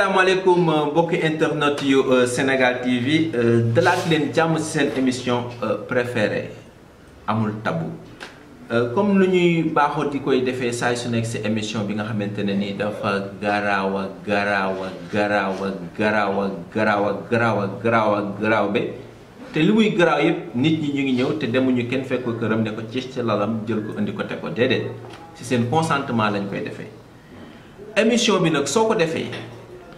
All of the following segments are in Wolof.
asalaamaaleykum euh, beaucoup internet yu euh, Sénégal TV de la jàmm ci seen émission euh, préférée amul tabou comme lu ñuy baaxoo di koy défé say su nek ci émission bi nga xamante ni nii dafa garawa garawa garawa garawa garawa garawa garaawa garaaw be té li muy garaaw nit ñi ñu ngi ñëw demu ñu kenn fekk ko kërëm né ko ci ci lalam jël ko andi ko té ko dédé ci seen consentement lañ koy défé émission bi nak soko défé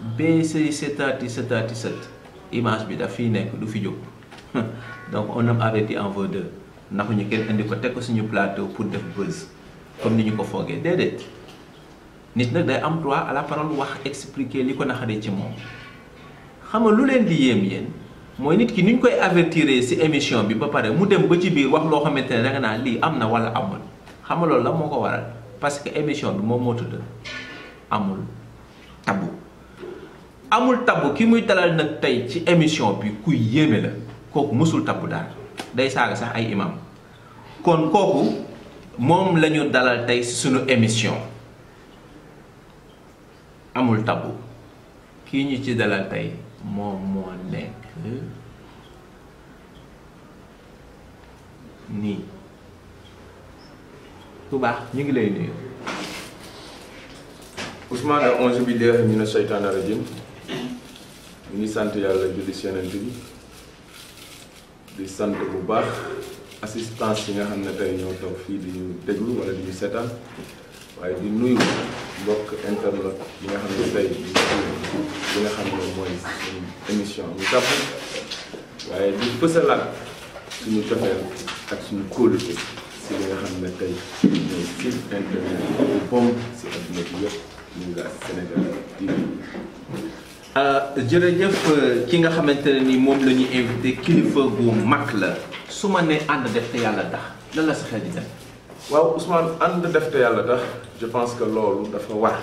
b 7 17 17 image bi da du fi donc on a arrêté en voie de la ñu kenn indi ko tek ko suñu plateau pour def buzz comme niñu ko foggé déedéet nit nak day am droit à la parole wax expliquer liko naxade ci mom xama lu len di yem yeen moy nit ki niñ koy avertir ci émission bi ba paré mu dem ba ci wax ne am amul la waral parce que émission bi mom mo amul tabou. amul tab ki muy dalal nag tey ci émission bi ku yéeme la kooku mësul tabu daal day saaga sax ay imam kon kooku moom la ñu dalal tey si sunu émission amul tabu kii ñi ci dalal tey moom moo nekk nii ku baax ñu ngi lay nuyu. Ousmane auzu billaahi mina shaytaani rajiim ñu ngi sant yàlla julli si yeneen bi di sant bu baax assistance yi nga xam ne tey ñoo toog fii di ñu déglu wala di ñu seetaan waaye di nuyu mbokk internet yi nga xam ne tey li nga xam ne mooy suñu émission ñu tàpp waaye di fësalaat suñu cofeel ak suñu kóolute si li nga xam ne tey mooy site internet bu bon si adduna bi yëpp ñu ngi Sénégal Euh, jërëjëf euh, ki nga xamantene ni moom la ñu invité kilifa gu mag la su ma nee ànd def te yàlla tax lan la sa xel di dem. waaw Ousmane ànd def te yàlla tax je pense que loolu dafa war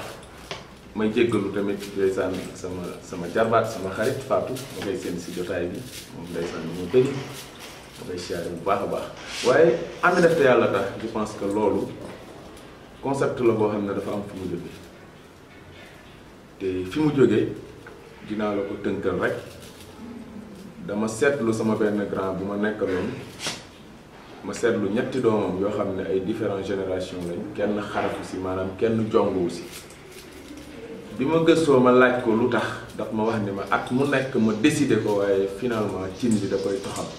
may jéggalu tamit ndeysaan sama sama jarbaat sama xarit Fatou ma koy seen si jotaay bi moom ndeysaan mu bëgg ma koy siyaare bu baax a baax waaye ànd def te yàlla tax je pense que loolu concept la boo xam ne dafa am fi mu jógee te fi mu jógee. dinaa la ko tënkal rek dama seetlu sama benn grand bu ma nekkaloon ma seetlu ñetti doomam yoo xam ne ay différentes génération lañ kenn xaratu si maanaam kenn jonguwu si bi ma gëstoo ma laaj ko lu tax daf ma wax ni ma at mu nekk ma décidé ko waaye finalement cin bi da koy toxam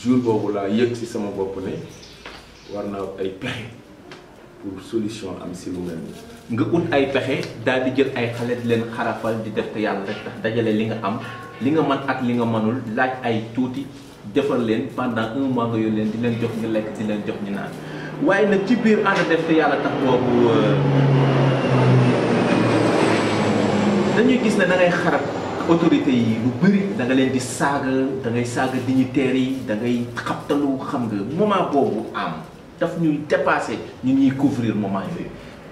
jour boobu laa yëg si sama bopp ne war naa ay pexe pour solution am si lu mel nga ut ay pexe daal di jël ay xale di leen xarafal di def te yàlla rek tax dajale li nga am li nga man ak li nga manul laaj ay tuuti defal leen pendant un leen di leen jox ñu lekk di leen jox ñu naan waaye nag ci biir ànd def te yàlla boobu euh, dañuy gis ne da ngay xarab autorité yi lu bëri da nga leen di saaga da ngay saaga dignitaires yi da ngay xam nga moment boobu am daf ñuy dépassé ñu ñuy couvrir moment yooyu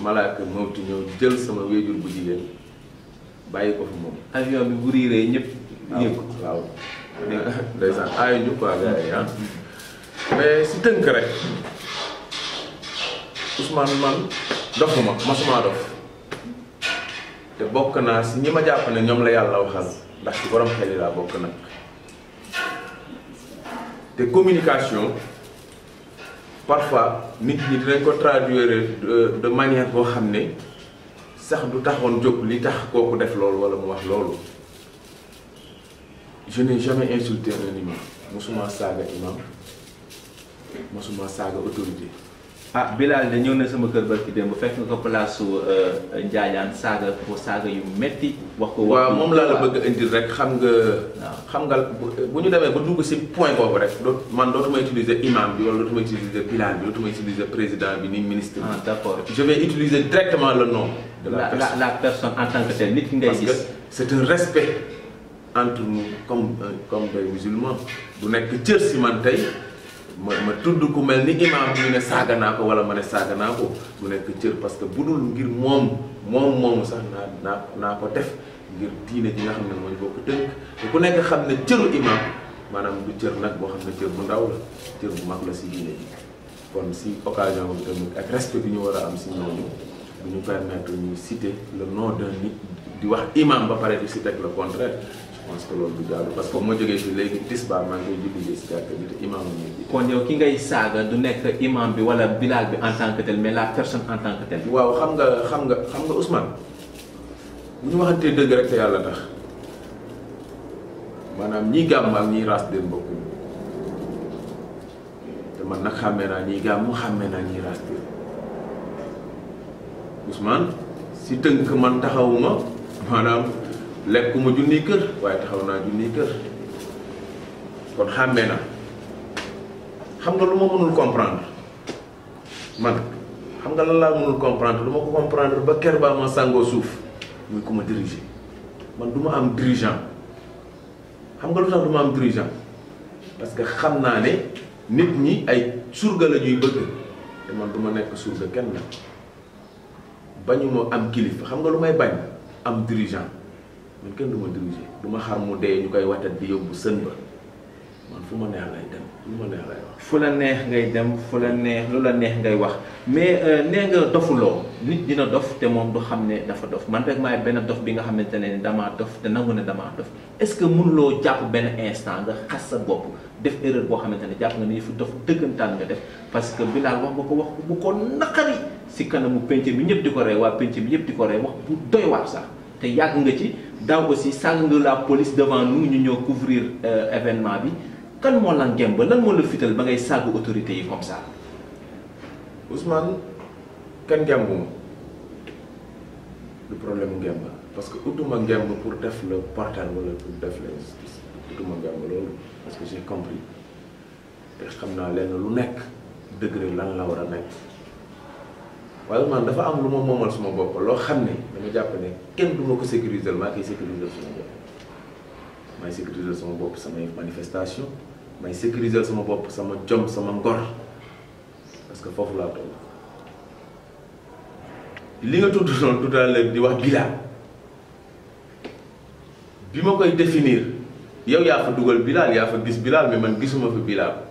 malaaka mawti ñëw jël sama wéjur bu jigéen bàyyi ko fi moom avion bi bu riiree ñëpp yëg ko waaw ndeysaan aayu ñu quoi gars yi ah. mais si tënk rek Ousmane man dofuma masumaa dof te bokk naa si ñi ma jàpp ne ñoom la yàlla waxal ndax ci borom xel yi laa bokk nag te communication parfois nit ñi dinañ ko traduire de manière boo xam ne sax du taxoon jóg li tax kooku def loolu wala mu wax loolu je n'ai jamais insulté un imam mosuma saaga imam mosuma saaga autorité ah Bilal de ñëw na sama kër barki dem démb fekk nga ko place su euh, Njaajaan saga pour saga yu metti wax ko waaw moom laa la bëgg indi rek xam nga. xam nga bu ñu demee ba dugg si point boobu rek doot man dootuma utiliser imam bi wala dootuma utiliser Bilal bi dootuma utiliser président bi ni ministre bi. ah d'accord je vais utiliser directement le nom. de la personne la personne en tant que tel nit ki ngay gis. parce que c'est un respect entre nous comme euh, comme des musulmans. bu nekk cër si man tey. ma ma tudd ku mel ni imaam ñu ne saaga naa ko wala ma ne saaga naa ko mu nekk cër parce que bu dul ngir moom moom moomu sax naa naa naa ko def ngir diine ji nga xam ne mooy bokk tënk te ku nekk xam ne cëru imaam maanaam du cër nag boo xam ne cër bu ndaw la cër bu mag la si diine ji kon si occasion bi tamit ak respect bi ñu war a am si ñooñu bu ñu permettre ñu citer le nom d'un nit di wax imaam ba pare di citer le contraire je pense que loolu du jaadu parce que moo jógee fii léegi tisbaar maa ngi koy julli ji si jàkka bi imam ñu bi kon yow ki ngay saaga du nekk imam bi wala bilal bi en tant que tel mais la personne en tant que tel waaw xam nga xam nga xam nga Ousmane bu ñu waxantee dëgg rek te yàlla tax maanaam ñi gàmm ak ñi raas den bokkuñ te man nag xàmmee naa ñi gàmm xàmmee naa ñi raas den Ousmane si tënk man taxawuma maanaam lekkuma junniy kër waaye taxaw naa junniy kër kon xàmmee na xam nga lu ma mënul comprendre man xam nga lan laa mënul comprendre lu ma ko comprendre ba ker baa ma sàngoo suuf muy ku ma diriger man du ma am dirigeant xam nga lu tax du ma am dirigeant parce que xam naa ne nit ñi ay surga la ñuy bëgg te man du ma nekk surga kenn nag bañu ma am kilifa xam nga lu may bañ am dirigeant man kenn du ma dirigé du ma xar mu dee ñu koy watat di yóbbu sën ba man fu ma neex lay dem fu la neex ngay dem fu la neex lu la neex ngay wax mais euh, nee nga dofuloo nit dina dof te moom du xam ne dafa dof man rek maay benn dof bi nga xamante ne damaa dof te nangu ne damaa dof est-ce que mënuloo jàpp benn instant nga xas sa bopp def erreur boo xamante ne jàpp nga ni fi dof dëggantaan nga def parce que Bilal wax nga ko wax bu ko naqari si kanamu penc bi ñëpp di ko rey waa penc bi ñëpp di ko rey bu doy sax te yàgg nga ci. daaw aussi de la police devant nous ñu ñëw couvrir euh, événement bi kan moo la ngem ba lan moo le fital ba ngay sàggu autorité yi comme ça. Ousmane kan ngembuma le problème ngemb parce que utuma ngemb pour def le partage pour def la justice utuma ngemb loolu parce que j'ai compris te xam naa lenn lu nekk degré lan la war nekk. wala man dafa am lu ma moomal suma bopp loo xam ne dama jàpp ne kenn du ma ko sécuriser maa koy sécuriser suma bopp maay sécuriser sama bopp samay manifestation may sécuriser sama bopp sama jom sama ngor parce que foofu laa toll li nga tudd noonu tuddaan léegi di wax bilan bi ma koy définir yow yaa fa dugal bilaal yaa fa gis bilaal mais man gisuma fi bilaal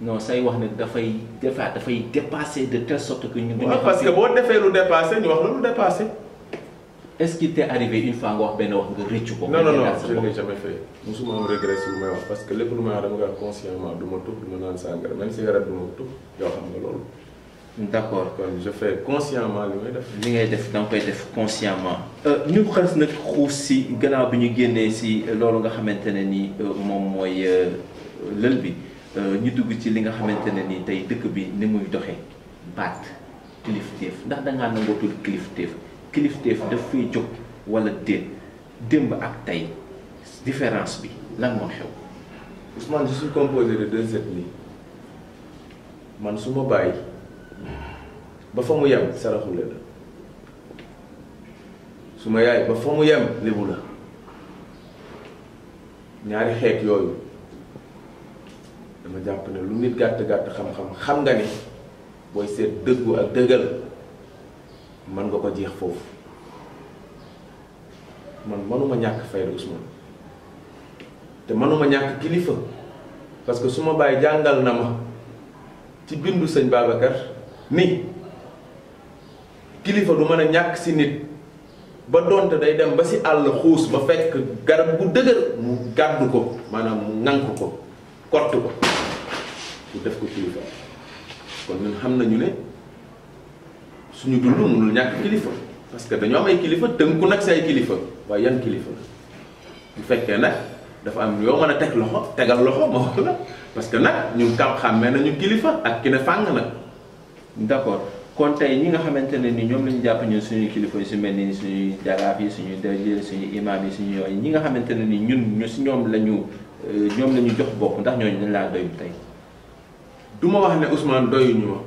non say wax ne dafay defaat dafay dépasser de telle sorte que. ñu parce que bo defee lu dépasser ñu wax lu dépasser est-ce qu'il t'est arrivé une fois nga wax ben wax nga rëccu ko. non non non je n'ai jamais fait. musuma am regret si lu may wax parce que lepp lu may wax dama koy consciemment duma ma tux du ma même si du ma tux yoo xam nga lolu d'accord kon je fais consciemment li may def. li ngay def da koy def consciemment. Euh, ñu xas nag xuus si gannaaw bi ñu génnee si loolu nga xamante ne ni euh, moom mooy euh, lël bi. Euh, ñu dugg ci li nga xamante ne ni tey dëkk bi ni muy doxee baat kilifteef ndax da ngaa nangootul kilifteef kilifteef daf fay jóg wala démb ak tey différence bi lan moo xew. Ousmane je suis composé de deux ethnies man su ma bàyyi ba fa mu yem saraxule la su ma yaay ba fa mu yem lébu la ñaari xeet yooyu. dama jàpp ne lu nit gàtt-gàtt xam-xam xam nga ne booy seet dëggu ak dëggal man nga ko jeex foofu man manuma ñàkk fayda Ousmane te manuma ñàkk kilifa parce que su ma bàyyi jàngal na ma ci bindu sëñ Babacar ni kilifa du mën a ñàkk si nit ba donte day dem ba si àll xuus ba fekk garab gu dëgër mu ko maanaam mu ko kott ko def ko kilifa kon ñun xam nañu ne suñu dul mënul ñàkk kilifa parce que dañoo am ay kilifa tënku nag si ay kilifa waaye yan kilifa bu fekkee nag dafa am yoo mën a teg loxo tegal loxo ma wax la parce que nag ñun kam xàmmee nañu kilifa ak ki ne fàng nag d'accord kon tey ñi nga xamante ne ni ñoom lañu jàpp ñun suñuy kilifa yu si mel ni suñuy jaraaf yi suñuy yi suñuy imaam yi suñu yooyu ñi nga xamante ne ni ñun ñu si ñoom la ñu euh, ñoom lañu jox bopp ndax ñooñu dañ laa tey duma wax ne Ousmane doyuñu ma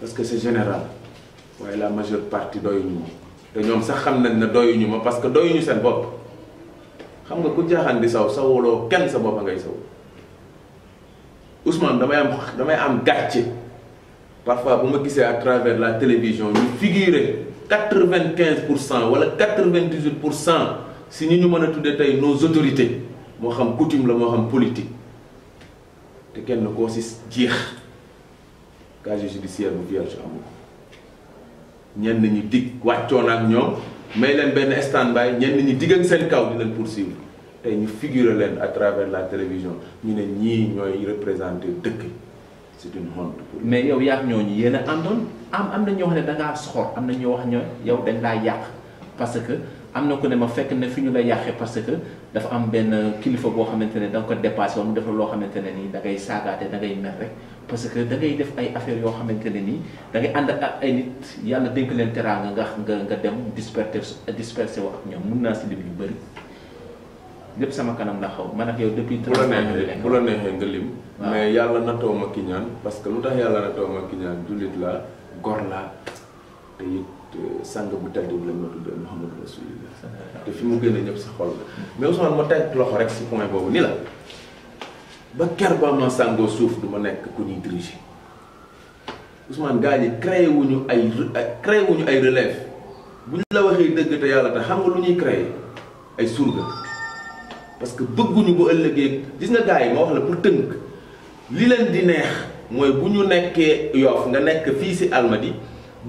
parce que c'est général waaye la majeure partie doyuñu ma te ñom sax xam nañ ne doyuñu ma parce que doyuñu seen bop xam nga ku jaaxaan di saw sawolo kenn sa bop ngay saw Ousmane damay am damay am gàcce parfois bu ma gisee à travers la télévision ñu figurer 95% wala 98% si ñu ñu mën a tuddee tey nos autorités moo xam coutume la moo xam politique de kenn koo si jeex casier judiciaire bu vierge amul ñenn ñi dig wàccoon ak ñoom may leen benn stand-by ñenn ñi dig ak seen kaw di leen poursuivre tey ñu figurer leen à travers la télévision ñu ne ñii ñooy représenter dëkk c'est une honte pour mais yow yaa ñooñu yéen a àndoon am am na ñoo xam ne da ngaa soxor am na ñoo wax ñoo yow dañ laa yàq parce que. am na ko ne ma fekk ne fi ñu la yàqee parce que dafa am benn kilifa boo xamante ne da nga ko dépassé woon mu def loo xamante ne nii da ngay saagaate da ngay mer rek parce que da ngay def ay affaires yoo xamante ne da ngay ànd ak ay nit yàlla dénk leen teraanga nga nga nga dem disperser disperser wax ak ñoom mun naa si lim yu bëri lépp sama kanam la xaw man ak yow depuis. bu la neexee bu la neexee nga lim. mais yàlla nattoo ma ki ñaan parce que lu tax yàlla ma ki ñaan jullit la gor la te sang bu tedd bi lañ ma tuddee fi mu génne ñëpp sa xol la mais teg loxo rek si boobu ni la ba suuf du ma nekk ku ñuy diriger Ousmane gars yi créé wuñu ay créé wuñu ay relève bu ñu la waxee dëgg te yàlla te xam nga lu ñuy créé ay surga parce que bëgguñu bu ëllëgee gis nga gars yi ma wax la pour tënk li leen di neex mooy bu ñu nekkee Yoff nga nekk fii si Almadi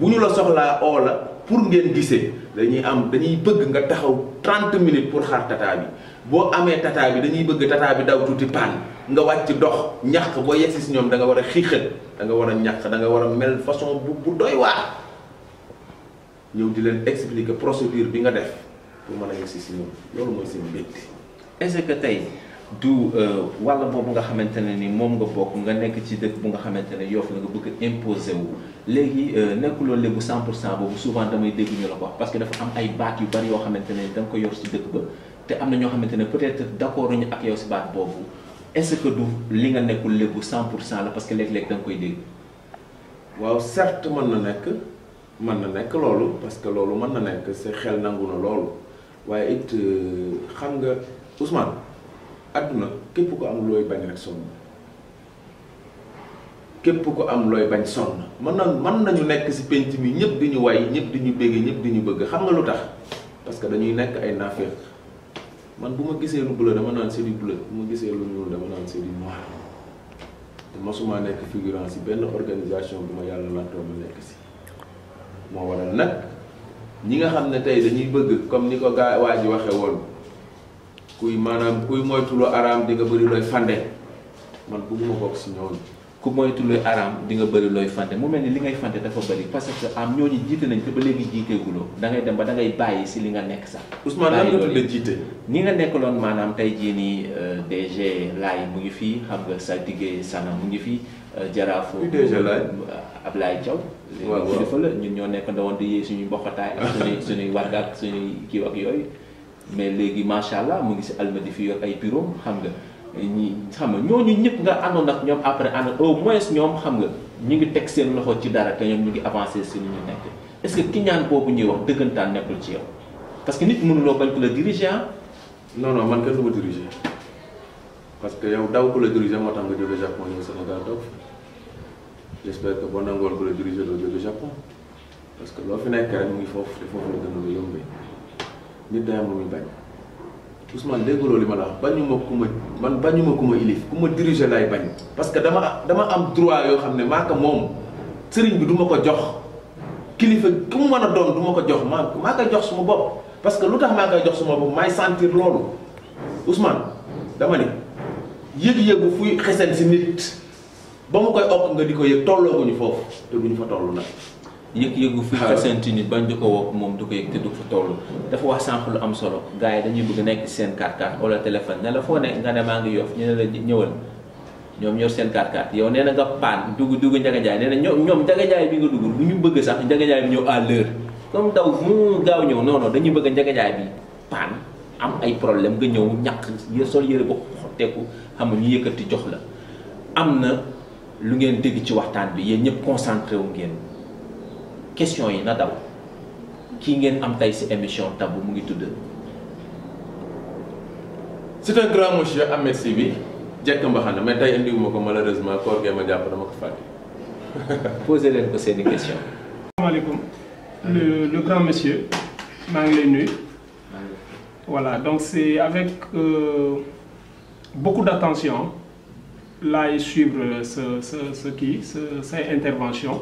bu la soxlaa oo la pour ngeen gisee dañuy am dañuy bëgg nga taxaw 30 minutes pour xaar tata bi bo amee tata bi dañuy bëgg tata bi daw tuuti paan nga wàcc dox ñàq boo yegsi si ñoom da nga war a xiixat da nga war a da nga war mel façon bu bu doy wa ñëw di leen expliquer procédure bi nga def pour mën a yegsi si ñoom loolu mooy seen mbégte est ce que tey du euh, wàll boobu nga xamante ne ni moom nga bokk nga nekk ci dëkk bu nga xamante ne yoof la nga bugg a imposé léegi euh, nekkuloo léegi 100 pour cent boobu souvent damay dégg ñu la ko parce que dafa am ay baat yu bari yoo xamante ne da nga ko yor si dëkk ba te am na ñoo xamante ne peut-être d'accord ñu ak yow si baat boobu est que du li nga nekkul léegi 100 pour cent la parce que léeg-léeg da nga koy dégg. waaw certes mën na nekk mën na nekk loolu parce que loolu mën na nekk sa xel nangu na loolu waaye it euh, xam nga Ousmane. àdduna képp ko am looy bañ rek sonn képp ko am looy bañ son mën na nañu nekk si penc mi ñëpp di ñu way ñëpp di ñu bégge pas di ñu bëgg xam nga lu tax parce que dañuy nekk ay naafeeq man bu ma gisee lu bleu dama naan c'est du bleu bu ma gisee lu ñuul dama naan c'est du noir te mosuma nekk figurant si benn organisation bu ma yàlla lantoo ma nek si moo waral nag ñi nga xam ne dañuy bëgg comme ko gaa waa ji kuy maanaam kuy moytu lu araam di nga bëri looy fande man bëgguma bokk si ñooñu ku moytu luy araam di nga bëri looy fande mu mel ni li ngay fande dafa bëri parce que am ñooñu jiite nañ te ba léegi jiiteeguloo dangay dem ba da ngay bàyyi si li nga nekk sax. Ousmane lan nga tuddee jiite. ñi nga loon maanaam tey jii nii euh, DG Laay mu ngi fii xam sa diggé Sana mu ngi fii euh, jaraafo. DG Laay euh, Ablaye Thiaw. waaw waaw léegi kilifa la ñun ñoo nekk ndawoon di yee suñuy mboqataay ak suñuy suñuy warga ak ak yooyu. mais léegi macha allah mu ngi si almadie fii yor ay bureau xam nga ñi xam nga ñooñu ñëpp nga àndoon ak ñoom après ànd au moins ñoom xam nga ñu ngi teg seen loxo ci dara te ñoom ñu ngi avancé si li ñu nekk est ce que ki ñaan boobu ñuy wax dëggantaan nekkul ci yow parce que nit mënuloo bañ ko la diriger ah. non non man kenn du ma diriger parce que yow daw ko la diriger moo tax nga jóge Japon ñëw Sénégal daw j' que boo ko la diriger doo jóge Japon parce que loo fi nekk rek mu ngi foofu te foofu la gën nit day am lu muy bañ Ousmane dégg li ma la wax bañu ma ku ma man bañuma ku ma ilif ku ma diriger lay bañ parce que dama dama am droit yoo xam ne maa ko moom sëriñ bi du ma ko jox kilifa ku mu mën a doom du ma ko jox maa maa koy jox suma bopp parce que lu tax maa koy jox suma bopp maay sentir loolu Ousmane dama ne yëg-yëgu fuy xesen si nit ba mu koy okk nga di ko yëg tollooguñu foofu te duñu fa toll nag yek yegu fi ci sentini bañ di ko wokk moom du ko yëg te du fa toll dafa wax lu am solo gars yi dañuy bëgg nekk seen 4x4 wala téléphone ne la foo ne nga ne maa ngi yof ñu ne la ñëwal ñoom yor seen 4 x yow nee nga paan dugg dugg Ndiaga Ndiaye nee na ñoom ñoom Ndiaga bi nga dugg bu ñu bëgg sax Ndiaga Ndiaye bi ñëw à l'heure comme daw mu gaaw ñëw non non dañuy bëgg Ndiaga Ndiaye bi paan am ay problème nga ñëw ñàkk sol yëre ba xotteeku xam nga ñu yëkkati jox la am na lu ngeen dégg ci waxtaan bi yéen ñëpp concentré wu ngeen question yi na daw kii ngeen am tay ci émission tabu mu ngi tudd. c'est un grand monsieur amé Sy bi jekk mbaxana mais tey indiwuma ko malheureusement koor ma japp dama ko fàtte. posé leen ko seen i question. asalaamaaleykum le le grand monsieur ma ngi lay nuy Voilà, donc c'est avec euh, beaucoup d'attention là et suivre ce, ce, ce qui, ce, cette intervention.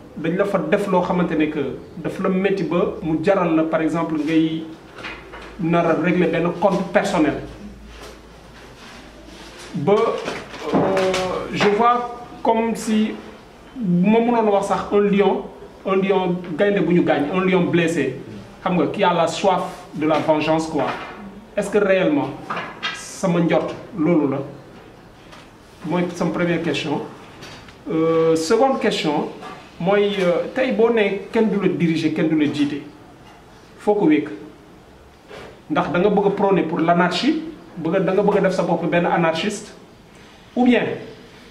dañ la fa def loo xamante ne que daf la métti ba mu jaral la par exemple ngay nar a régler benn compte personnel ba euh, je vois comme si ma mënoon wax sax un lion un lion gaynde bu ñu gaañ un lion blessé xam nga qui a la soif de la vengeance quoi est-ce que réellement sama njort loolu la mooy sama première question euh, seconde question moy euh, tay bo nee ken diriger ken foko wék ndax da nga bëgg pour l'anarchie bëgg da nga bëgg def anarchiste ou bien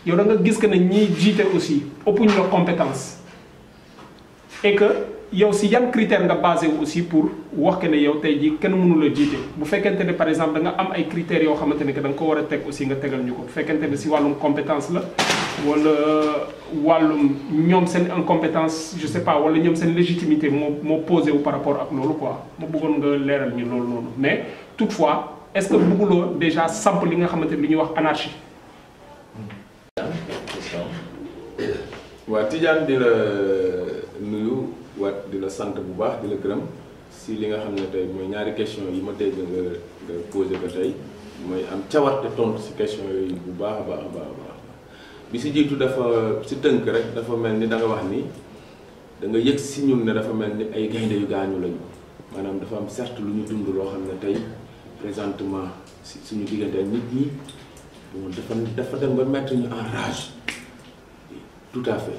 yow da nga que aussi opuñ compétence et que yow si yan critère nga basé aussi pour wax que ne yow tey jii kenn mënu la jiite bu fekkente ne par exemple da nga am ay critères yo xamante que da nga ko wara tek aussi nga tegal ñuko ko bu fekkente ne si wàllum compétence la wala walum ñom sen incompétence je sais pas wala ñom sen légitimité mo mo poser wu par rapport ak lolu quoi mo bëggon nga léral ñu lolu noonu mais toutefois est-ce que bëgguloo déjà samp li nga xamante li ñu wax anarchie. waaw Tidiane de la nuyu. waat di la sant bu baax di la gërëm si li nga xam ne tey mooy ñaari question yi ma dégg nga nga posé ko tey mooy am cawarte tontu si question yooyu bu baax a baax a baax a baax bi si jiitu dafa si tënk rek dafa mel ni da wax ni da nga yëg si ñun ne dafa mel ni ay gaynde yu gaañu lañu maanaam dafa am certes lu ñu dund loo xam ne tey présentement si suñu diggante nit ñi bon dafa dafa dem ba mettre ñu en tout à fait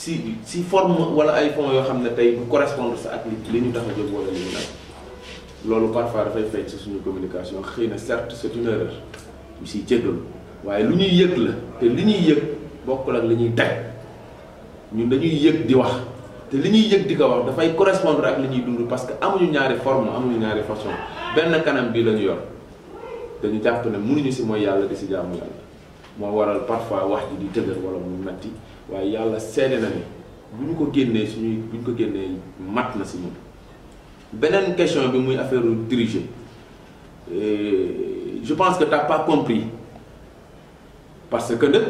si si forme wala ay fonds yoo xam ne tey bu correspondre sa ak li ñu tax a jóg wala li ñu nag loolu parfois dafay fecc si suñu communication xëy na certes c' est une erreur ñu siy jéggalu waaye lu ñuy yëg la te li ñuy yëg bokkul ak li ñuy teg ñun dañuy yëg di wax te li ñuy yëg di ko wax dafay correspondre ak li ñuy dund parce que amuñu ñaari forme amuñu ñaari façon benn kanam bi la ñu yor dañu jàpp ne mënuñu si mooy yàlla di si jaamu yàlla moo waral parfois wax ji di dëgër wala mu natti waaye yàlla seede na ni bu ñu ko génnee suñuy bu ñu ko génnee mat na si ñun beneen question bi muy affaire diriger euh, je pense que t'as pas compris parce que nag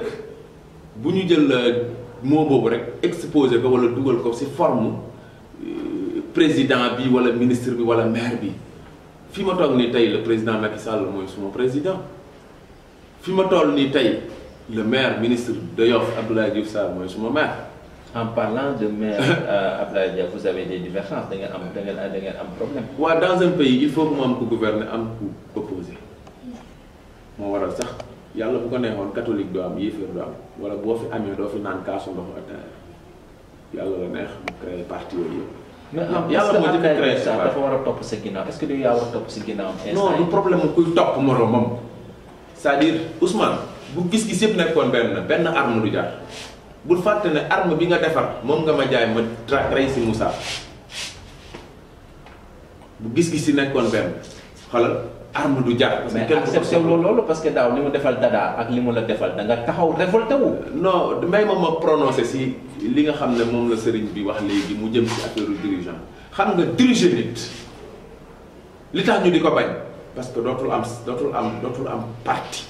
bu ñu jël euh, mot boobu rek exposé ko wala dugal ko si forme euh, président bi wala ministre bi wala maire bi fi ma toog ni tey le président Macky Sall mooy suma président fi ma toll ni tey. le maire ministre de Yoff, Abdoulaye Diouf Sarr, moi, je suis maire. En parlant de maire euh, Abdoulaye Diouf, vous avez des divergences, vous avez un problème. Ouais, dans un pays, il faut que moi, gouverner, un coup opposé. Moi, voilà ça. yàlla bu ko neexoon catholique do am yéeféer do am wala boo fi amee doo fi naan kaasu ndox ataaya yàlla la neex mu créé parti yooyu yëpp mais yàlla moo jëkk ça dafa war a topp sa ginnaaw est ce que du yaa war a topp sa non du problème kuy topp moroomam c'est à dire Ousmane bu gis-gis yëpp nekkoon benn benn arme du jar bul fàtte ne arme bi nga defar moom nga ma jaay ma rey si Moussa bu gis-gis yi nekkoon benn xoolal arme du jar. parce que kenn accepté loolu parce que daaw li mu defal dada ak li mu la defal da nga taxaw révolté wu. non may ma ma prononcé si li nga xam ne moom la sëriñ bi wax léegi mu jëm si affaire dirigeant xam nga diriger nit li tax ñu di ko bañ parce que dootul am dootul am dootul am parti.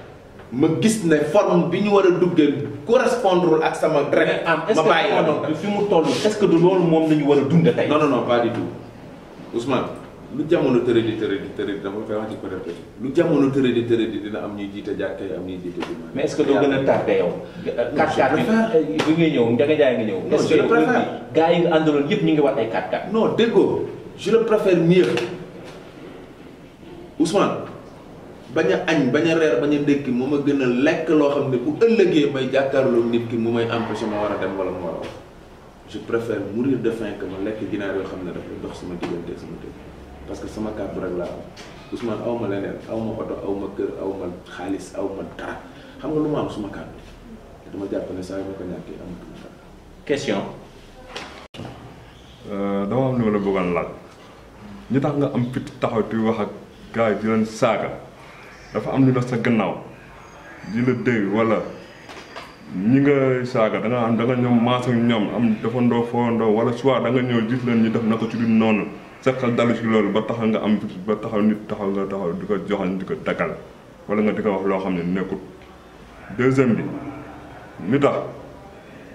ma gis ne forme bi ñu war a duggee correspondre ak sama rek ma bàyyi la fi mu toll est-ce que du loolu moom la ñu war a dund tey. non non non pas du tout Ousmane lu jamono tëradi tëradi tëradi dama koy wax ci ko def lu jamono tëradi tëradi dina am ñuy jiite jàkka yi am ñuy jiite jumaa mais est-ce gën a tardé yow. quatre-quatre bi ngay ñëw Ndiaga Ndiaye nga ñëw. est-ce yi nga àndaloon yëpp ñu ngi wax ay quatre-quatre. non déggoo je le préfère mieux Ousmane. baña agn baña reer baña ndekki moma gëna lek lo xamne bu ëllëgé may jakarlo nit ki mu empêcher ma wara dem wala ma wara je préfère mourir de faim que ma lek ginaar yo xamne dafa dox sama digënté sama dëkk parce que sama cadre rek la Ousmane awma leneen awma auto awma kër awma awma dara xam nga am suma dama japp ne ko question euh, dama am lu la bëggoon laaj ñu tax nga am fit taxaw di wax ak gars di dafa am lu la sa gannaaw di la dëy wala ñi nga saaga da am da nga ñoom maas ak ñoom am defandoo foondoo wala soit da nga ñëw gis leen ñu def na ko ci du noonu sekkal dalu si loolu ba taxaw nga am ba taxaw nit taxaw nga taxaw di ko joxañ di ko dakkal wala nga di ko wax loo xam ne nekkul deuxième bi li tax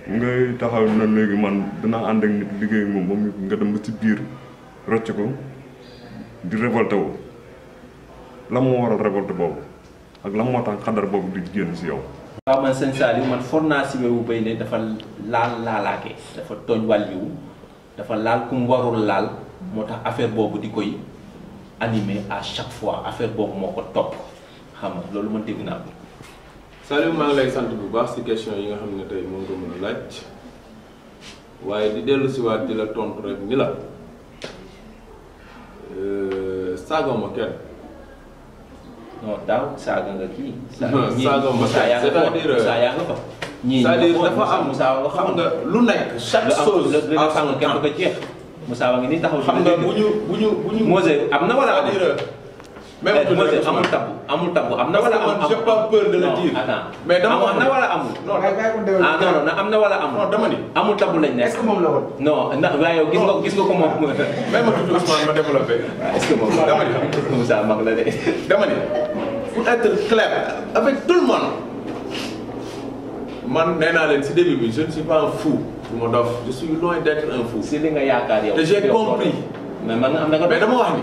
ngay taxaw na léegi man dinaa ànd ak nit liggéey moom moom nga dem ba ci biir rocc ko di révolté wu lan moo waral révolte boobu ak la moo tax xadar boobu di génn si yow. waaw man sëñ Saliou man for naa si wewu bay ne dafa laal laalaake dafa tooñ wàlliwu dafa laal ku warul laal moo tax affaire boobu di koy animé à chaque fois affaire boobu moo ko topp xam nga loolu man dégg naa ko. maa ngi lay sant bu baax si question yi nga xam ne tey moom nga mën a laaj waaye di dellu si waat di la tontu rek ni la euh, saagoo kenn. tahu daaw saaga nga kii. saaga nga Moussa Moussa yaa nga fa. ñii ñu nga dafa am Moussa nga xam nga lu nekk chaque chose en son temps nga jeex Moussa wa ngi nii xam nga bu ñu bu Mose am na wala amul même eh, moi amul tabou amul tabou Amna wala amul j'ai pas peur de le dire mais dama am wala amul non ah non non am wala amul non dama ni amul tabou lañ nekk est-ce que moom la won? non ndax wayo gis nga gis nga ko moom même ma tudd Ousmane ma développé ah, est-ce que moom dama ni Moussa mag la de dama ni pour être clair avec tout le monde man nee naa leen début bi je ne suis pas un fou du ma dof je suis loin d'être un fou si li nga yaakaar yow te j'ai compris mais man am na nga mais dama wax ni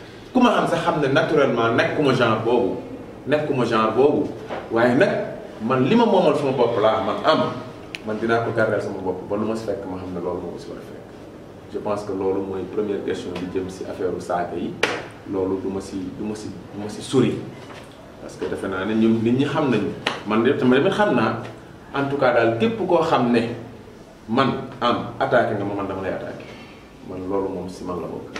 kuma xam sax xam ne naturellement nekkuma genre boobu nekkuma genre boobu waaye nag man li ma moomal sama bopp laa man am man dinaa ko gardeel sama bopp ba lu ma si fekk ma xam ne loolu moo ko si war a fekk je pense que loolu mooy première question bi jëm si affaire saaga yi loolu du ma si du ma si du ma si sori parce que defe naa ne ñun nit ñi xam nañ man de tamit xam naa en tout cas daal képp koo xam ne man am attaqué nga ma man dama lay attaqué man loolu moom si man la bokk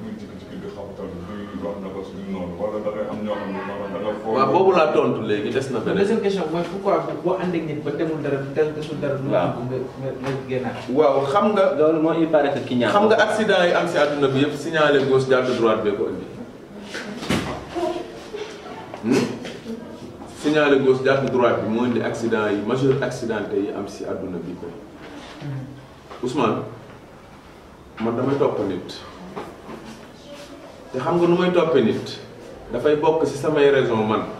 noonu waaw laa tontu léegi des na beneen. deuxième boo ànd ak nit demul dara tel xam nga. ki xam nga accident yi am si àdduna bi yëpp signalé gauche jàpp droite bee ko indi. Hmm? signalé gauche jàpp bi moo indi accident yi majeur accidenté yi am si àdduna bi ko Ousmane man damay topp nit. te xam nga nu may toppee nit dafay bokk ci samay raison man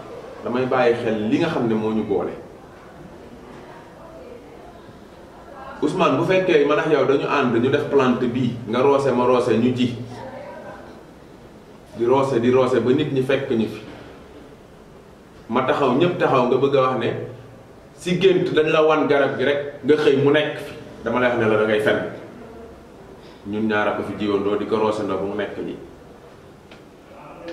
damay bàyyi xel li nga xam Usman ñu boole Ousmane bu fekkee man ak yow dañu ànd ñu def plante bii nga roose ma roose ñu ji di roose di roose ba nit ñi fekk ñu fi ma taxaw ñëpp taxaw nga bëgg wax ne si game dañ la wan garab gi rek nga xëy mu nekk fi dama lay wax ne la da ngay fenn ñun ñaara ko fi di ko roose na ba nekk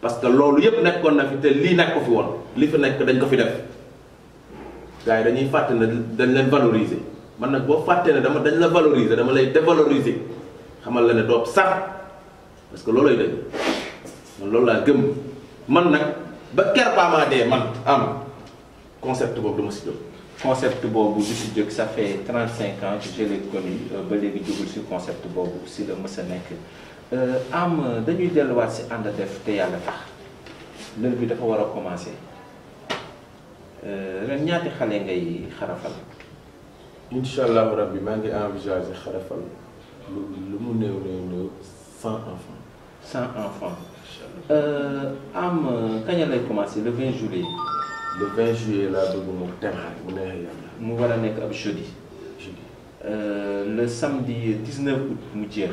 parce que loolu yëpp nekkoon na fi te fi li fi dañ ko fi gars dañuy dañ valoriser man la valoriser dama lay dévaloriser xamal la ne sax parce que c'est man loolu laa gëm man ba concept boobu dama si concept boobu du ça fait 35 ans que je l'ai connu euh, ba concept si euh, am dañuy delluwaat si ànd def te yàlla tax lël bi dafa war a commencé euh, ren ñaati xale ngay xarafal. incha allahu rabbi maa ngi envisagé xarafal lu lu mu néew néew néew cent enfants. cent enfants. Euh, am kañ lay commencé le 20 juillet. le 20 juillet laa bëgg mu démarrer mu neexee yàlla. mu war a nekk ab jeudi. jeudi le samedi 19 août mu jeex.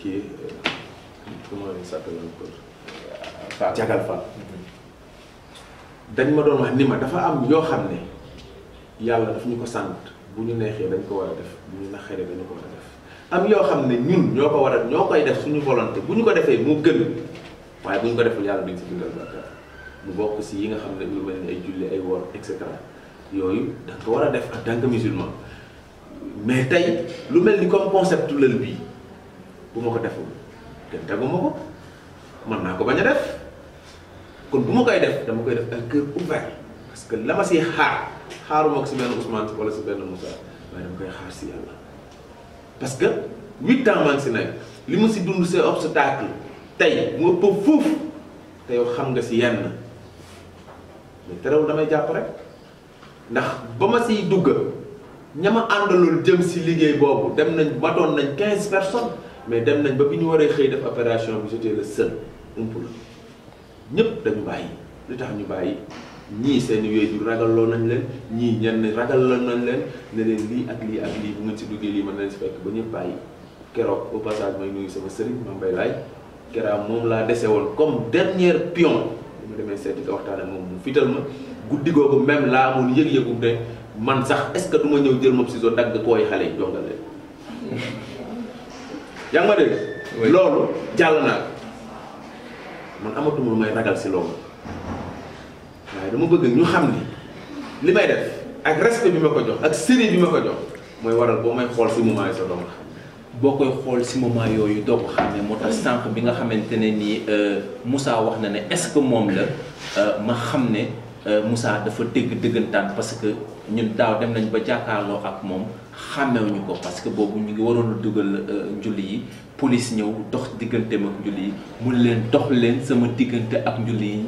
qui est, euh, comment il s'appelle encore Diagal euh, Fall dañ ma doon wax ni ma dafa am yoo xam ne yàlla daf ñu ko sant bu ñu neexee dañ ko war a def bu ñu naxee dañ ko war a def am yoo xam ne ñun ñoo ko war a ñoo koy def suñu volonté bu ñu ko defee mu gën waaye bu ñu ko deful yàlla duñ si bindal bàkkaar mu bokk si yi nga xam ne lu mel ni ay julli ay wor et cetera yooyu da ko war a def en tant musulman mais tey lu mel ni comme concept lël bii bu ma ko deful te teguma ko mën naa ko bañ a def kon bu ma koy def dama koy def ak cœur ouvert parce que la ma siy xaar xaaruma ko si benn Ousmane wala si benn Moussa waaye dama koy xaar si yàlla parce que huit ans maa ngi si nekk li ma si dund see obstacle tey mu ëpp foofu te xam nga si yenn mais terewul damay jàpp rek ndax ba ma siy dugg ña ma àndaloon jëm si liggéey boobu dem nañ matoon nañ quinze personnes mais dem nañ ba bi ñu waree xëy def opération bi j'étais le seul ump la ñëpp dañu bàyyi li tax ñu bàyyi ñii seen waajur ragalloo nañ leen ñii ragal ragalloo nañ leen ne leen lii ak lii ak lii bu ngeen si duggee lii mën leen si fekk ba ñëpp bàyyi keroog au passage may nuyu sama sëriñ Mame Mbaye Laye keroog moom laa dese woon comme dernier pion bu ma demee seeti ko waxtaan ak moom mu fital ma guddi googu même laa amoon yëg-yëgu ne man sax est-ce que du ñëw jël moom ciseau dagg kooy xale yi jongal leen yaa ngi ma dégg. loolu jàll naa man amatuma lu may ragal si loolu waaye dama bëgg ñu xam ni li may def ak respect bi ma ko jox ak série bi ma ko jox mooy waral boo may xool si moment boo koy xool si moment yooyu doo ko xam ne moo tax sànq bi nga xamante ne nii euh, Moussa wax na ne est-ce que moom la euh, ma xam ne euh, Moussa dafa dégg dëggantaan parce ñu daaw dem nañ ba jàkkaarloo ak moom ñu ko parce que boobu ñu ngi waroon a dugal euh, njulli yi police ñëw dox digganteem ak njulli yi mu leen dox leen sama diggante ak njulli yi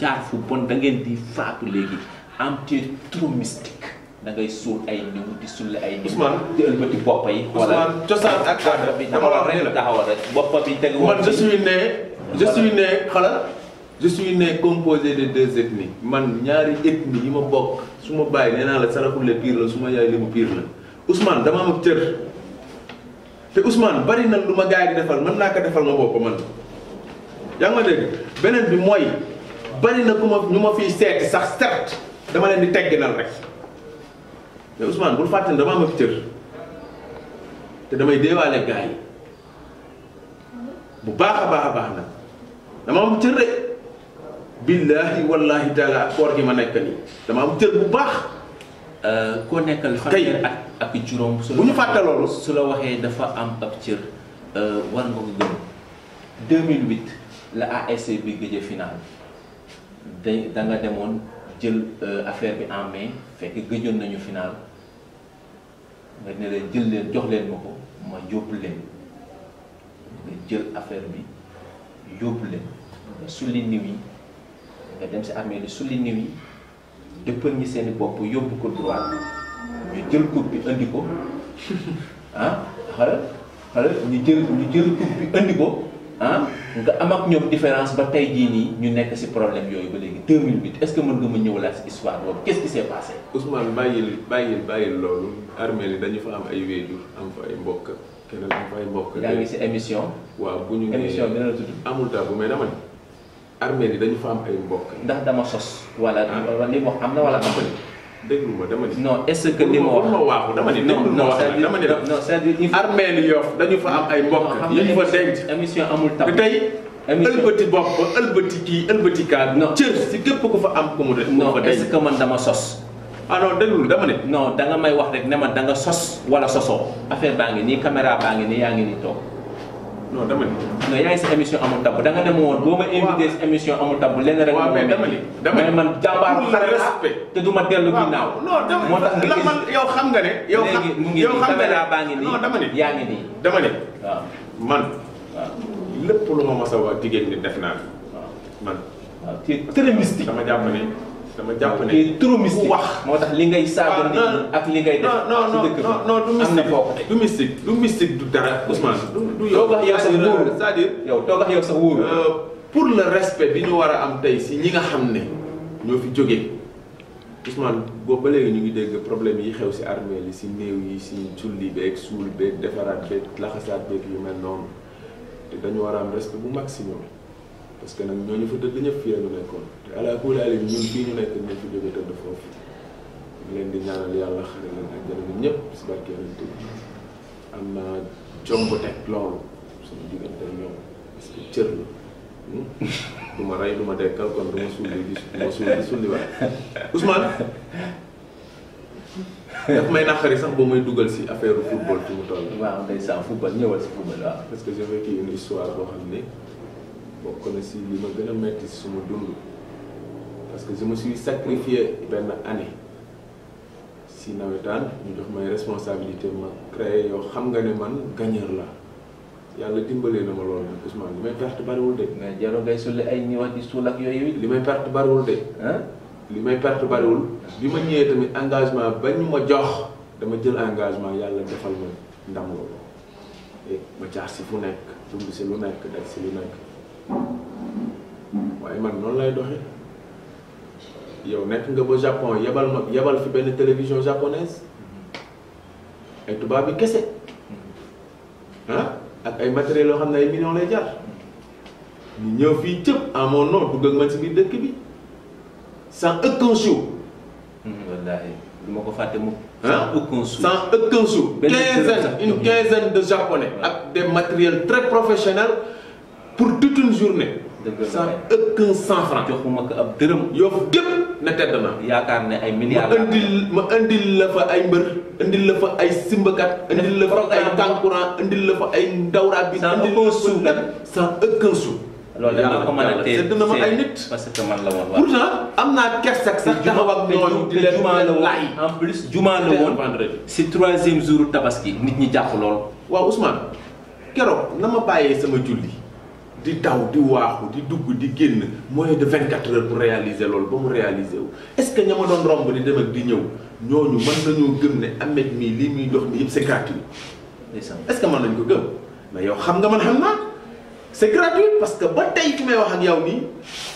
jaar fu bon da ngeen di faatu léegi am te trop mystique da ngay suul ay niw di sulli ay niw. Ousmane di ëlbati bopp yi. wala cosaan ak aada bi dama rek taxawal rek bopp bi tegu. man je suis né je suis né xala je suis né composé de deux ethnies man ñaari ethnie yi ma bokk. su ma bàyyi nee naa la saraxule piir la su ma yaay lébu piir la Ousmane dama am cër te Ousmane bari na lu ma gars di defal mën naa ko defal ma bopp man yaa ma dégg beneen bi mooy bari nag ku ma ma fiy seeti sax sert dama leen di tegginal rek mais Ousmane bul fàtte ne dama am cër te damay déewaale gars yi bu baax a baax a baax nag dama am cër billaahi wallaahi taala koor gi ma nekk nii dama am jël bu baax. Euh, koo nekkal fanweer ak juróom. bu ñu fàtte loolu su la waxee dafa am ak cër euh, war nga ko gëm 2008 la ASC bi gëj a final da nga demoon jël euh, affaire bi en fekk gëjoon nañu finaal nga ne jël leen jox leen ma ko ma yóbbu leen jël affaire bi yóbbu leen su li niw yi nga dem si armée li sulli niw yi dëppal ñi seeni i bopp yóbbu ko droit ñu jël coupe bi indi ko ah xalal xalal ñu jël ñu jël coupe bi indi ko ah nga am ak ñoom différence ba tey jii nii ñu nekk si problème yooyu ba léegi 2008 est-ce que mën nga ma ñëw laa si histoire boobu quest que qui s'est passé. Ousmane bàyyil bàyyil bàyyil loolu armée li dañu fa am ay wéejur am fa ay mbokk keneen am fa ay mbokk. yaa ngi si émission. waaw bu ñu émission bi la tudd amul tàggu bu dama ni. armée yi dañu fa am ay mbokk. ndax dama sos. wala ah. li ma am na wala am déglu ma dama ni. non est-ce que li ma wax waaxu dama ni. non non dama ni non c'est-à-dire armée fa am ay mbokk. yi ñu fa denc émission amul tabu tey. émission ëlbati bopp ëlbati kii ëlbati kaat. non cër si képp ku fa am ku mu def. non est man dama sos. alors ah déglu dama ne. non da nga may wax rek ne man da nga sos wala sosoo affaire baa ngi nii caméra baa ngi nii yaa ngi nii toog. non dama ni. non yaa ngi sa émission amul tabu da nga dem woon boo ma invité sa émission amul tabu lenn rek. waaw mais dama ni dama ni man jàmbaar respect te du ma dellu naaw non dama moo tax nga yow xam nga yow xam léegi mu ngi baa ngi nii. non dama ni yaa ngi nii. dama ni waaw man. lépp lu ma mos a wax jigéen ñi def naa man. waaw te très mystique. dama jàpp ne. dama jàpp ne trop mystique wax moo tax li ngay saaga ah, nit ñi ak li ngay def non non non du mystique du mystique du mystique du dara Ousmane du yow toogax yow sax wóoru yow toogax yow sax wóoru euh, pour la respect bi ñu war a am tey si ñi nga xam ne ñoo fi jógee Ousmane boobu ba léegi ñu ngi dégg problème yi xew si armée li si néew yi si julli beeg suul beeg defaraat beeg laxasaat beeg yu mel noonu te dañu war a am respect bu maximum parce que nag ñooñu fa dëgg ñëpp fii la nekkoon ala kulaali ñun fii ñu nekk ñu fi jóge tëdd foofu ñu leen di ñaanal yàlla xare leen àjjana ñun ñëpp si barke yonent bi am naa jomb teg loolu suñu diggante ñoom parce que cër la du ma rey du ma dekkal kon du ma suuli di ma suuli di sulli waay Ousmane daf may naqari sax ba may dugal si affaire football ci mu toll. waaw ndeysaan football ñëwal si football waaw. parce que j'ai vécu une histoire boo xam ne bokk na si li ma gën a metti si suma dund. parce que je me suis benn année si nawetaan ñu jox may responsabilité ma créé yow xam nga ne man gagneur la yàlla dimbalee na ma loolu nag Ousmane li may perte bariwul de. mais Diallo ngay sulli ay ñi di suul ak yooyu. li may perte bariwul de. li may perte bariwul. bi ma ñëwee tamit engagement ba ñu ma jox dama jël engagement yàlla defal ma ndam loolu ma jaar si fu nekk dund si lu nekk daj si lu nekk waaye man noonu lay doxee. Yo, nekk nga au Japon yebal ma yebal fi benn télévision japonaise ay tubaab bi ce mm-hmm. Hein? ak ay matériel yoo xam ne ay millions lay jar mm-hmm. ñu ñëw fii cëpp à mon nom pour ak man bi sans aucun sou. Mm-hmm. wallaahi du ma ko fàtte mu. Hein? sans aucun sou sans aucun sou. quinzaine une quinzaine de japonais. ak des matériels très professionnels pour toute une journée. sans aucun cent franc joxuma ko ab dërëm yoo gépp ne tedd na yaakaar ne ay milliards ma ma indil la ay mbër indil la fa ay simbakat indil la fa ay kankurang indil la fa ay ndawraat bi indil la fa lépp sans aucun sou loolu dama ko a teel na ma parce que man la woon pourtant am naa kersak sax taxaw ak ñooñu di leen jumaa la woon en plus jumaa la woon si troisième nit ñi jàpp lool waaw Ousmane keroog na ma bàyyee sama julli di taw di waaxu di dugg di genn moins de 24 heures pour réaliser loolu ba réaliser wu est-ce que ñama ma doon romb di dem ak di ñëw ñooñu mën nañoo gëm ne Ahmed mi li muy dox ni yëpp c'est gratuit est-ce que man nañ ko gëm mais yow xam nga man xam naa c'est gratuit parce que ba tey ki may wax ak yow nii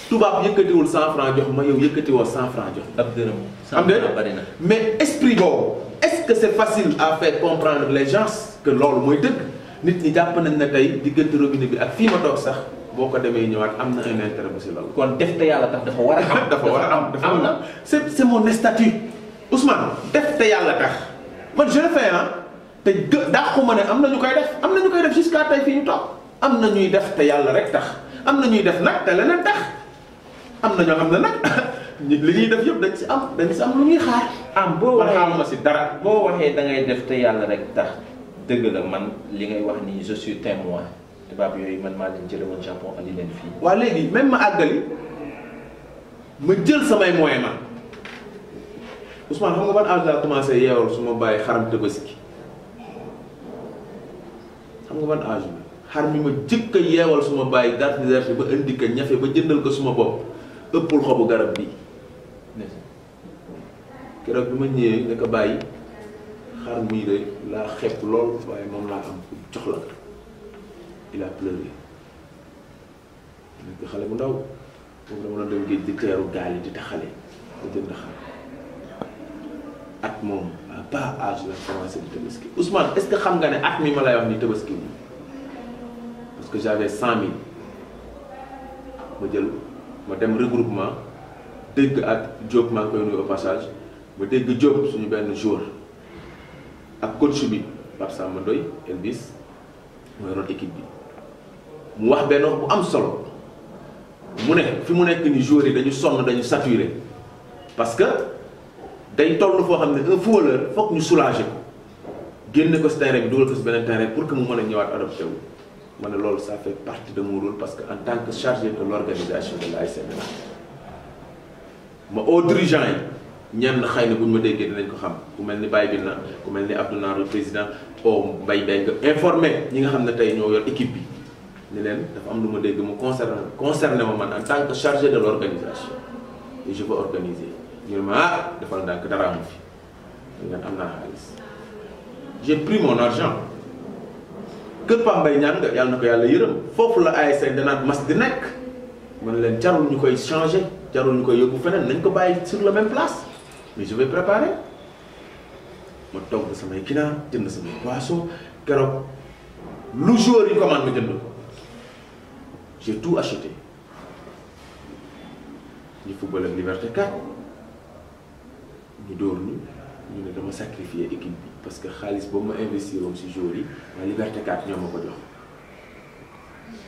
tubaab yëkkatiwul 100 francs jox ma yow yëkkatiwoo 100 francs jox ma. ab dërëm am dërëm mais esprit boobu est-ce que c'est facile à faire comprendre les gens que loolu mooy dëgg. nit ñi jàpp nañ ne tey diggante robinet bi ak fii ma toog sax boo ko ñëwaat am na un intérêt bu si loolu. kon def te yàlla tax dafa war a am dafa war a am dafa am na c' mon statut Ousmane def te yàlla tax man je le fais ah te dàquma ne amna na ñu koy def am na ñu koy def jusqu' à tey fii ñu toog am na ñuy def te yàlla rek tax am na ñuy def nag te leneen tax am ñoo xam ne nag li ñuy def yëpp dañ si am dañ si am lu ñuy xaar. am boo waxee man xaaruma dara boo waxee da ngay def te yàlla rek tax. dëgg la man li ngay wax ni je suis témoin tubaab yooyu man maa leen jëlee woon Japon andi leen fii. waaw léegi même ma àggali ma jël samay moyens man Ousmane xam nga ban âge laa commencé yeewal su ma bàyyi xaram Tabaski xam nga ban âge bi xar mi ma jëkk a yeewal suma ma bàyyi gàtt bi ba indi ko ñafe ba jëndal ko suma bopp ëppul xobu garab bi keroog bi ma ñëwee nga ko bàyyi. xar mii de laa xeeb lool waaye moom laa am jox la il a pleuré nekk xale bu ndaw moom dama doon dem géej di teeru gaal yi di taxale di jënd xar moom à bas âge la commencé di tabaski xam nga ne at ma parce que j'avais cent ma jël ma dem regroupement dégg ak Diop maa koy nuyu au passage ma dégg Diop suñu benn jour. ak coach bi Bab Samba Ndoye Elvis mooy root équipe bi mu wax benn wax bu am solo mu ne fi mu nek ni joueurs yi dañu sonn dañu saturer parce que dañ toll fo xamné un footballeur foog ñu soulager ko génne ko si terrain bi dugal ko si beneen terrain pour que mu mën ñëwaat adopté wu ma ne loolu ça fait partie de mon rôle parce que en tant que chargé de l'organisation de l'ASC Médina ma au dirigeant ñen xayna buñ ma déggé dinañ ko xam ku melni Baye Binna ku melni ni Abdou Naar président o Mbaye Beng informé ñi nga xam ne tey ñoo yor équipe bi ni leen dafa am luma ma dégg mu concerné concerné ma man en tant que chargé de l'organisation organisation et je veux organiser ñu ma ah, defal dank dara amu fi dañ leen am naa xaalis j'ai pris mon argent kër Pambay ñaan nga yàlla na ko yàlla yërëm foofu la ASC dana mas di nek man leen jarul ñukoy changer changé jarul ñu koy yóbbu nañ ko bàyyi sur la même place mais je vais préparer ma togg samay ginaar jënd samay poisson keroog lu jour yi commande ma jënd ko j'ai tout acheté Le football ak Liberté 4 ñu dóor ñu ñu ne dama sacrifier équipe parce que xaalis boobu ma investir dans ce jour la Liberté 4 ñoo ma ko jox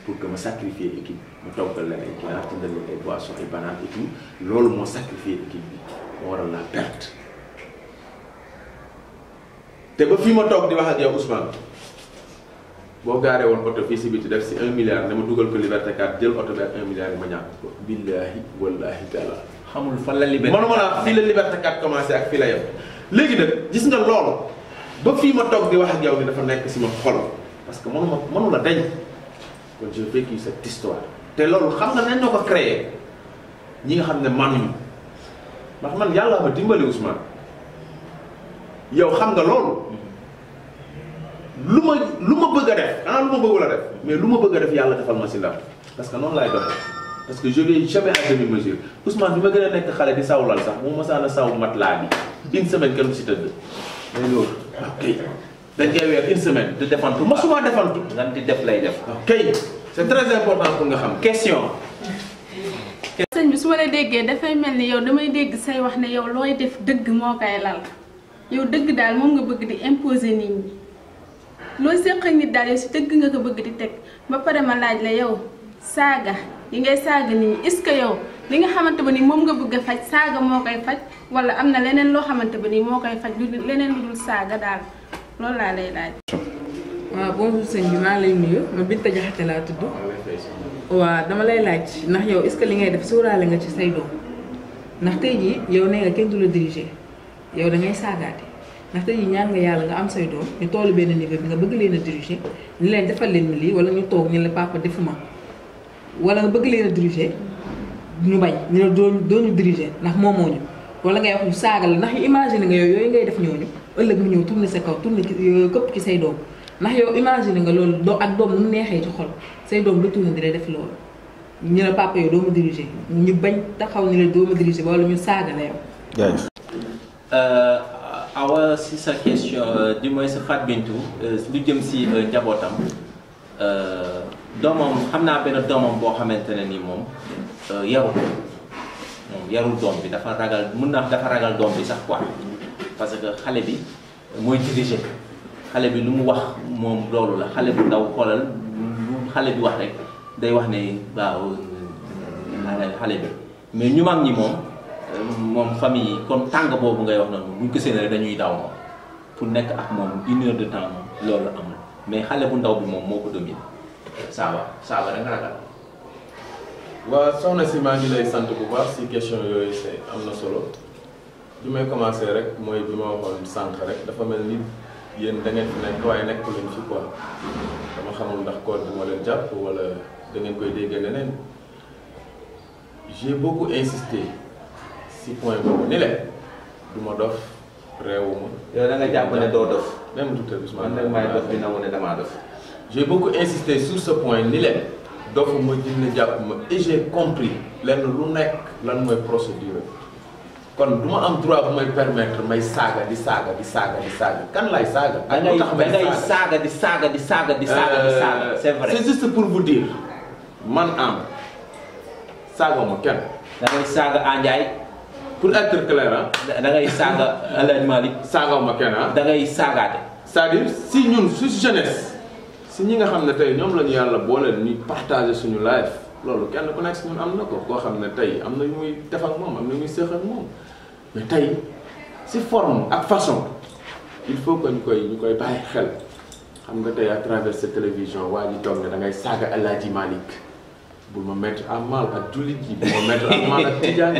pour que ma sacrifier équipe ma toggal leen ay ginaar jëndal leen ay poisson ay bananes et tout loolu moo sacrifier équipe bi waral naa perte te ba fii ma toog di wax ak yow Ousmane boo gaaree woon oto fii si biti def si un milliard ne ma dugal ko Liberté 4 jël oto bi ak un milliard ma ñàkk ko billaahi wallaahi taala xamul fan la Liberté manuma naa fii la Liberté 4 commencé ak fii yam léegi nag gis nga loolu ba fii ma toog di wax ak yow ni dafa nekk si ma xol parce que mënuma mënu la dañ kon j'ai vécu cette histoire te loolu xam nga nañ ñoo ko créé ñi nga xam ne manuñu ndax man yàlla ma dimbali Ousmane yow xam nga loolu lu ma lu ma bëgg a def ah lu ma bëggul def mais lu ma bëgg a def yàlla defal ma si la parce que noonu laay doxee parce que je vais jamais à demi mesure Ousmane bi ma gën a nekk xale di sawlal sax mu mosaan a saw matelas bi une semaine kenn du si tëdd day loolu ok dañ weer une semaine di defantu ma suma defantu nga di def lay def ok c'est très important pour nga xam question sëñ bi su ma la déggee dafay mel ni yow damay dégg say wax ne yow looy def dëgg moo koy lal yow dëgg daal moom nga bëgg di imposer nit ñi loo séqal nit daal yow si dëgg nga ko bëgg di teg ba pare ma laaj la yow saaga yi ngay saaga nit ñi est-ce que yow li nga xamante ba ni moom nga bëgg a faj saaga moo koy faj wala am na leneen loo xamante ba nii moo koy faj lu leneen lu dul saaga daal loolu laa lay laaj. waaw bonjour sëñ bi maa lay nuyu ma Binta Jaxate laa tudd. waaw dama lay laaj ndax yow est-ce que li ngay def sóoraale nga ci say doom ndax tey jii yow nee nga kenn du la diriger yow da ngay saagaate ndax tey jii ñaan nga yàlla nga am say doom ñu toll benn niveau bi nga bëgg leen a diriger ñu leen defal leen lii wala ñu toog ñu la papa defuma wala nga bëgg leen a diriger ñu bañ ñu ne doo doo ñu diriger ndax moomoo ñu wala ngay wax ñu saagal ndax imagine nga yow yooyu ngay def ñooñu ëllëg mu ñëw tourner sa kaw tourner euh, këpp ci say doom. ndax yow imagine nga loolu do ak doom nu mu neexee ci xol say doom lu tourné di def loolu ñu ne papa yow doo ma dirigé ñu bañ taxaw ni la doo ma dirigé wala ñu saaga la yow. euh awa si sa question du moins sa Fat Bintou lu jëm si njabootam doomam xam naa benn domam boo xamantene ni moom yarul moom yarul doom bi dafa ragal mun naa dafa ragal doom bi sax quoi parce que xale bi mooy diriger xale bi lu mu wax moom loolu la xale bu ndaw xoolal lu xale bi wax rek day wax ne waaw xale bi mais ñu mag ñi moom moom famille yi comme tàng boobu ngay wax noonu buñ ko seen rek dañuy daw moom pour nekk ak moom une de temps loolu amul mais xale bu ndaw bi moom moo ko domine saaba saaba da nga ragal waaw soxna si maa ngi lay sant bu baax si question yooyu c'est am na solo li may commencer rek mooy bi ma waxoon sànq rek dafa mel ni yéen da ngeen fi nekk waaye nekkul leen fi quoi dama xamul ndax koor bi moo leen jàpp wala da ngeen koy dégg neneen j'ai beaucoup insisté si point boobu ni leen du ma dof réewuma. yow da nga jàpp ne doo dof. même tout à fait man nag maay dof bi nangu ne damaa dof. j'ai beaucoup insisté sur ce point ni leen dofuma jinne jàpp ma et j'ai compris lenn lu nekk lan mooy procédure. kon duma am droit bu may permettre may saaga di saga, di saga, di saga. kan lay saga? ak lu tax may saga, di saga, di saga, di saaga di saaga. Kan c'est vrai c'est juste pour vous dire man am saaga ma kenn. da ngay saaga Andiaye. pour être clair ah. da ngay saaga El Hadj Malick. saaga ma kenn ah. da ngay saagaate. c'est-à-dire si ñun su jeunesse si ñi nga xam ne tey ñoom la ñu yàlla booleel ñu partager suñu life loolu kenn ku nekk si ñun am na ko koo xam ne tey am na ñu muy def ak moom am na ñu muy séex ak moom. mais tey forme ak façon il faut que ñu koy ñu koy xel xam nga à travers cette télévision waa ji toog ne da ngay saga El Hadji Malick mettre à mal ak jullit yi bul me mettre à mal ak Tidiane.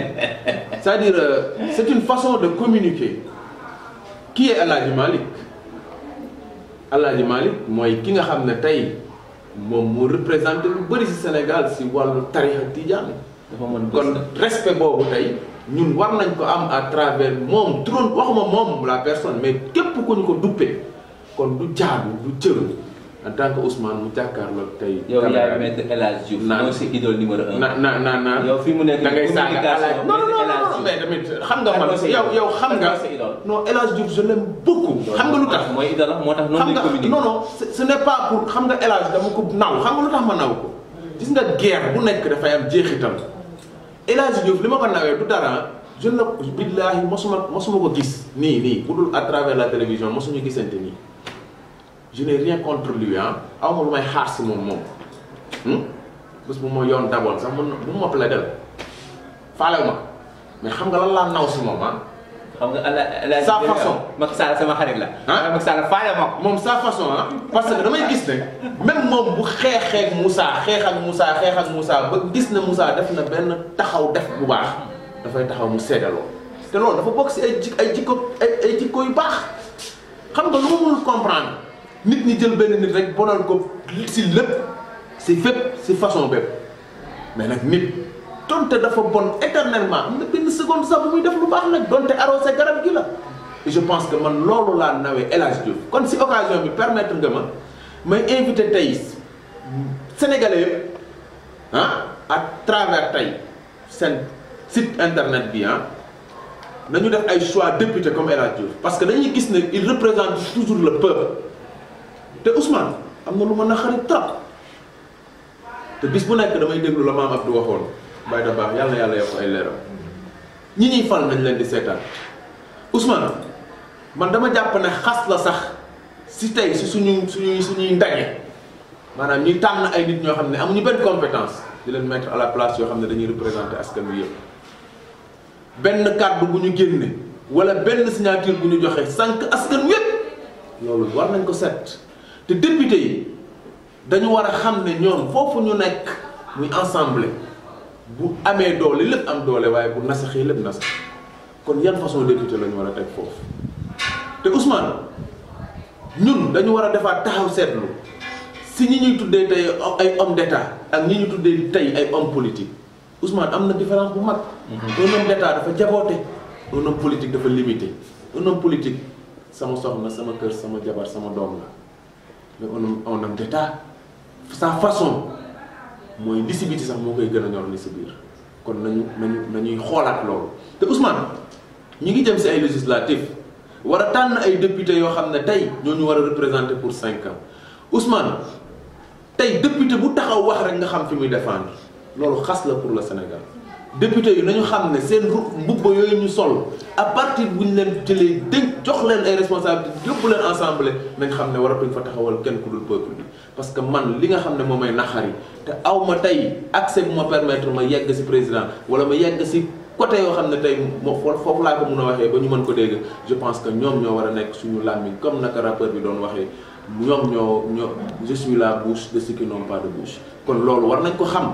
c'est-à-dire euh, c'est une façon de communiquer qui est El Hadji Malick El Hadji Malick mooy ki nga xam ne tey moom Sénégal si wàllu tarixa Tidiane? kon respect boobu tey nous war ko à travers moom turoon waxuma la personne mais que ku nous ko qu'on kon du du en tant que Ousmane mu jàkkaarloog El Diouf. non, c'est idole numéro un. na na na yow fi mu non non non mais xam Non, non El Diouf je l'aime beaucoup. xam nga lutax non non ce n'est pas pour xam nga El dama ko naw xam nga lutax ma naw ko. gis nga guerre bu da am El Hadj Diouf li ma ko nawee du dara je la billahi mosuma mosuma ko gis ni ni budul à travers la télévision mosuñu gisante ni je n'ai rien contre lui hein aw ma lu may xaar mom moom moom hmm? bés bu mo yoon daboon sax mun bu ma la del faalew ma mais xam nga lan laa naw ci mom hein xam nga ala sa façon Macky Sall sama xarit la ah Macky Sall faale ma ko moom sa façon ah parce que damay gis ne même moom bu xeexee ak Moussa xeex ak Moussa xeex ak Moussa ba gis na Moussa def na benn taxaw def bu baax dafay taxaw mu seedaloo te loolu dafa bokk si ay jik ay jikko ay jikko yu baax xam nga lu ma mënul comprendre nit ñi jël benn nit rek bonal ko si lépp si fépp si façon bépp mais nag nit donte dafa bon éternellement am na benn seconde sax bu muy def lu bax nak donte arroser garab gi la je pense que man lolu la nawé El Hadj Quand kon si occasion bi permettre nga ma may invité tey sénégalais yëpp ah à travers tay seen site internet bi hein nañu def ay choix député comme El Diouf parce que dañuy gis ne il représente toujours le peuple te Ousmane amna luma naxari trop te bis bu damay déglu la mam Abdou waxone bay da baax yàlla yàlla yokk ay leeram ñi ñuy fal nañ leen di seetaan Ousmane man dama jàpp ne xas la sax si tay si suñu suñuy suñuy ndaje maanaam ñuy tànn ay nit ñoo xam ne amuñu benn compétence di leen mettre à la place yoo xam dañuy représenter askan wi yëpp benn kàddu bu wala ben signature bu ñu joxe sànq askan wi yëpp loolu war nañ ko set te député yi dañu war a ñoom foofu ñu nekk muy ensemble bu amee doole lépp am doole waaye bu nasaxee lépp nasax kon yan façon député la ñu war a teg foofu te Ousmane ñun dañu war a defaat taxaw seetlu si ñi ñuy tuddee tey ay homme d'état ak ñi ñu tuddee tey ay homme politique Ousmane am na différence bu mag. Mhm. un homme dafa jaboote un homme dafa limité un homme politique sama soxna sama kër sama jabar sama doom la mais un sa façon. mooy li si sax moo koy gën ñor biir kon nañu nañu nañuy xoolaat loolu te Ousmane ñi ngi jëm si ay législatif war a ay député yoo xam ne tey ñooñu war a pour ans Ousmane député bu taxaw wax rek nga xam fi muy défendre la pour le Sénégal député yi nañu xamné ne seen mbubba yooyu ñu sol à partir buñ leen jëlee dénk jox leen ay responsabilités yóbbu leen ensemble nañ xamné ne waratuñ fa taxawal kenn ku dul peuple bi parce que man li nga xamné momay moom may naxari te aw ma accès bu ma permettre ma yegg ci président wala ma yegg ci côté yo xamné tay fofu la ko mëna waxé ba ñu mën ko dégg je pense que ñom ñoo wara nek suñu lami comme naka rappeur bi doon waxé ñom ñoo ñoo je suis la bouche de ceux qui n'ont pas de bouche kon loolu war nañ ko xam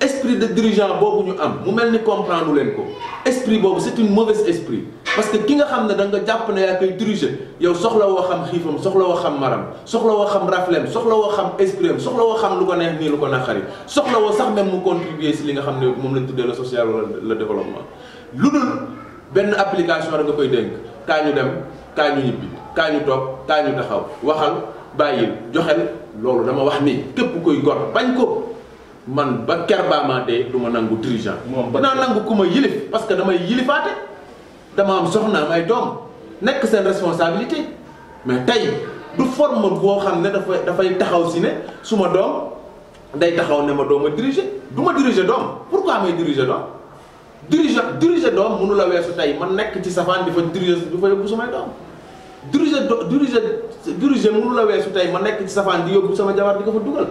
esprit de dirigeant bobu ñu am mu comprendre esprit c'est une mauvaise esprit parce que ki nga xam da nga japp ne yow soxla xam soxla xam maram soxla xam raflem soxla esprit soxla xam neex même contribuer si li nga le social le développement ludul application rek nga koy denk dem taxaw joxel dama wax ni man ba ker baa maa dee du ma nangu dirigeant. dinaa nangu ku ma yilif parce que damay yilifaate dama am soxna am ay doom nekk seen responsabilité mais tey du forme boo xam ne dafay dafay taxaw si ne suma ma doom day taxaw ne ma doom ma diriger du ma diriger doom pourquoi may diriger doom diriger diriger doom mënu la weesu tey man nekk ci safaan di fa diriger di fa yóbbu samay doom diriger diriger diriger mënu la weesu tey ma nekk ci safaan di yóbbu sama jabar di ko dugal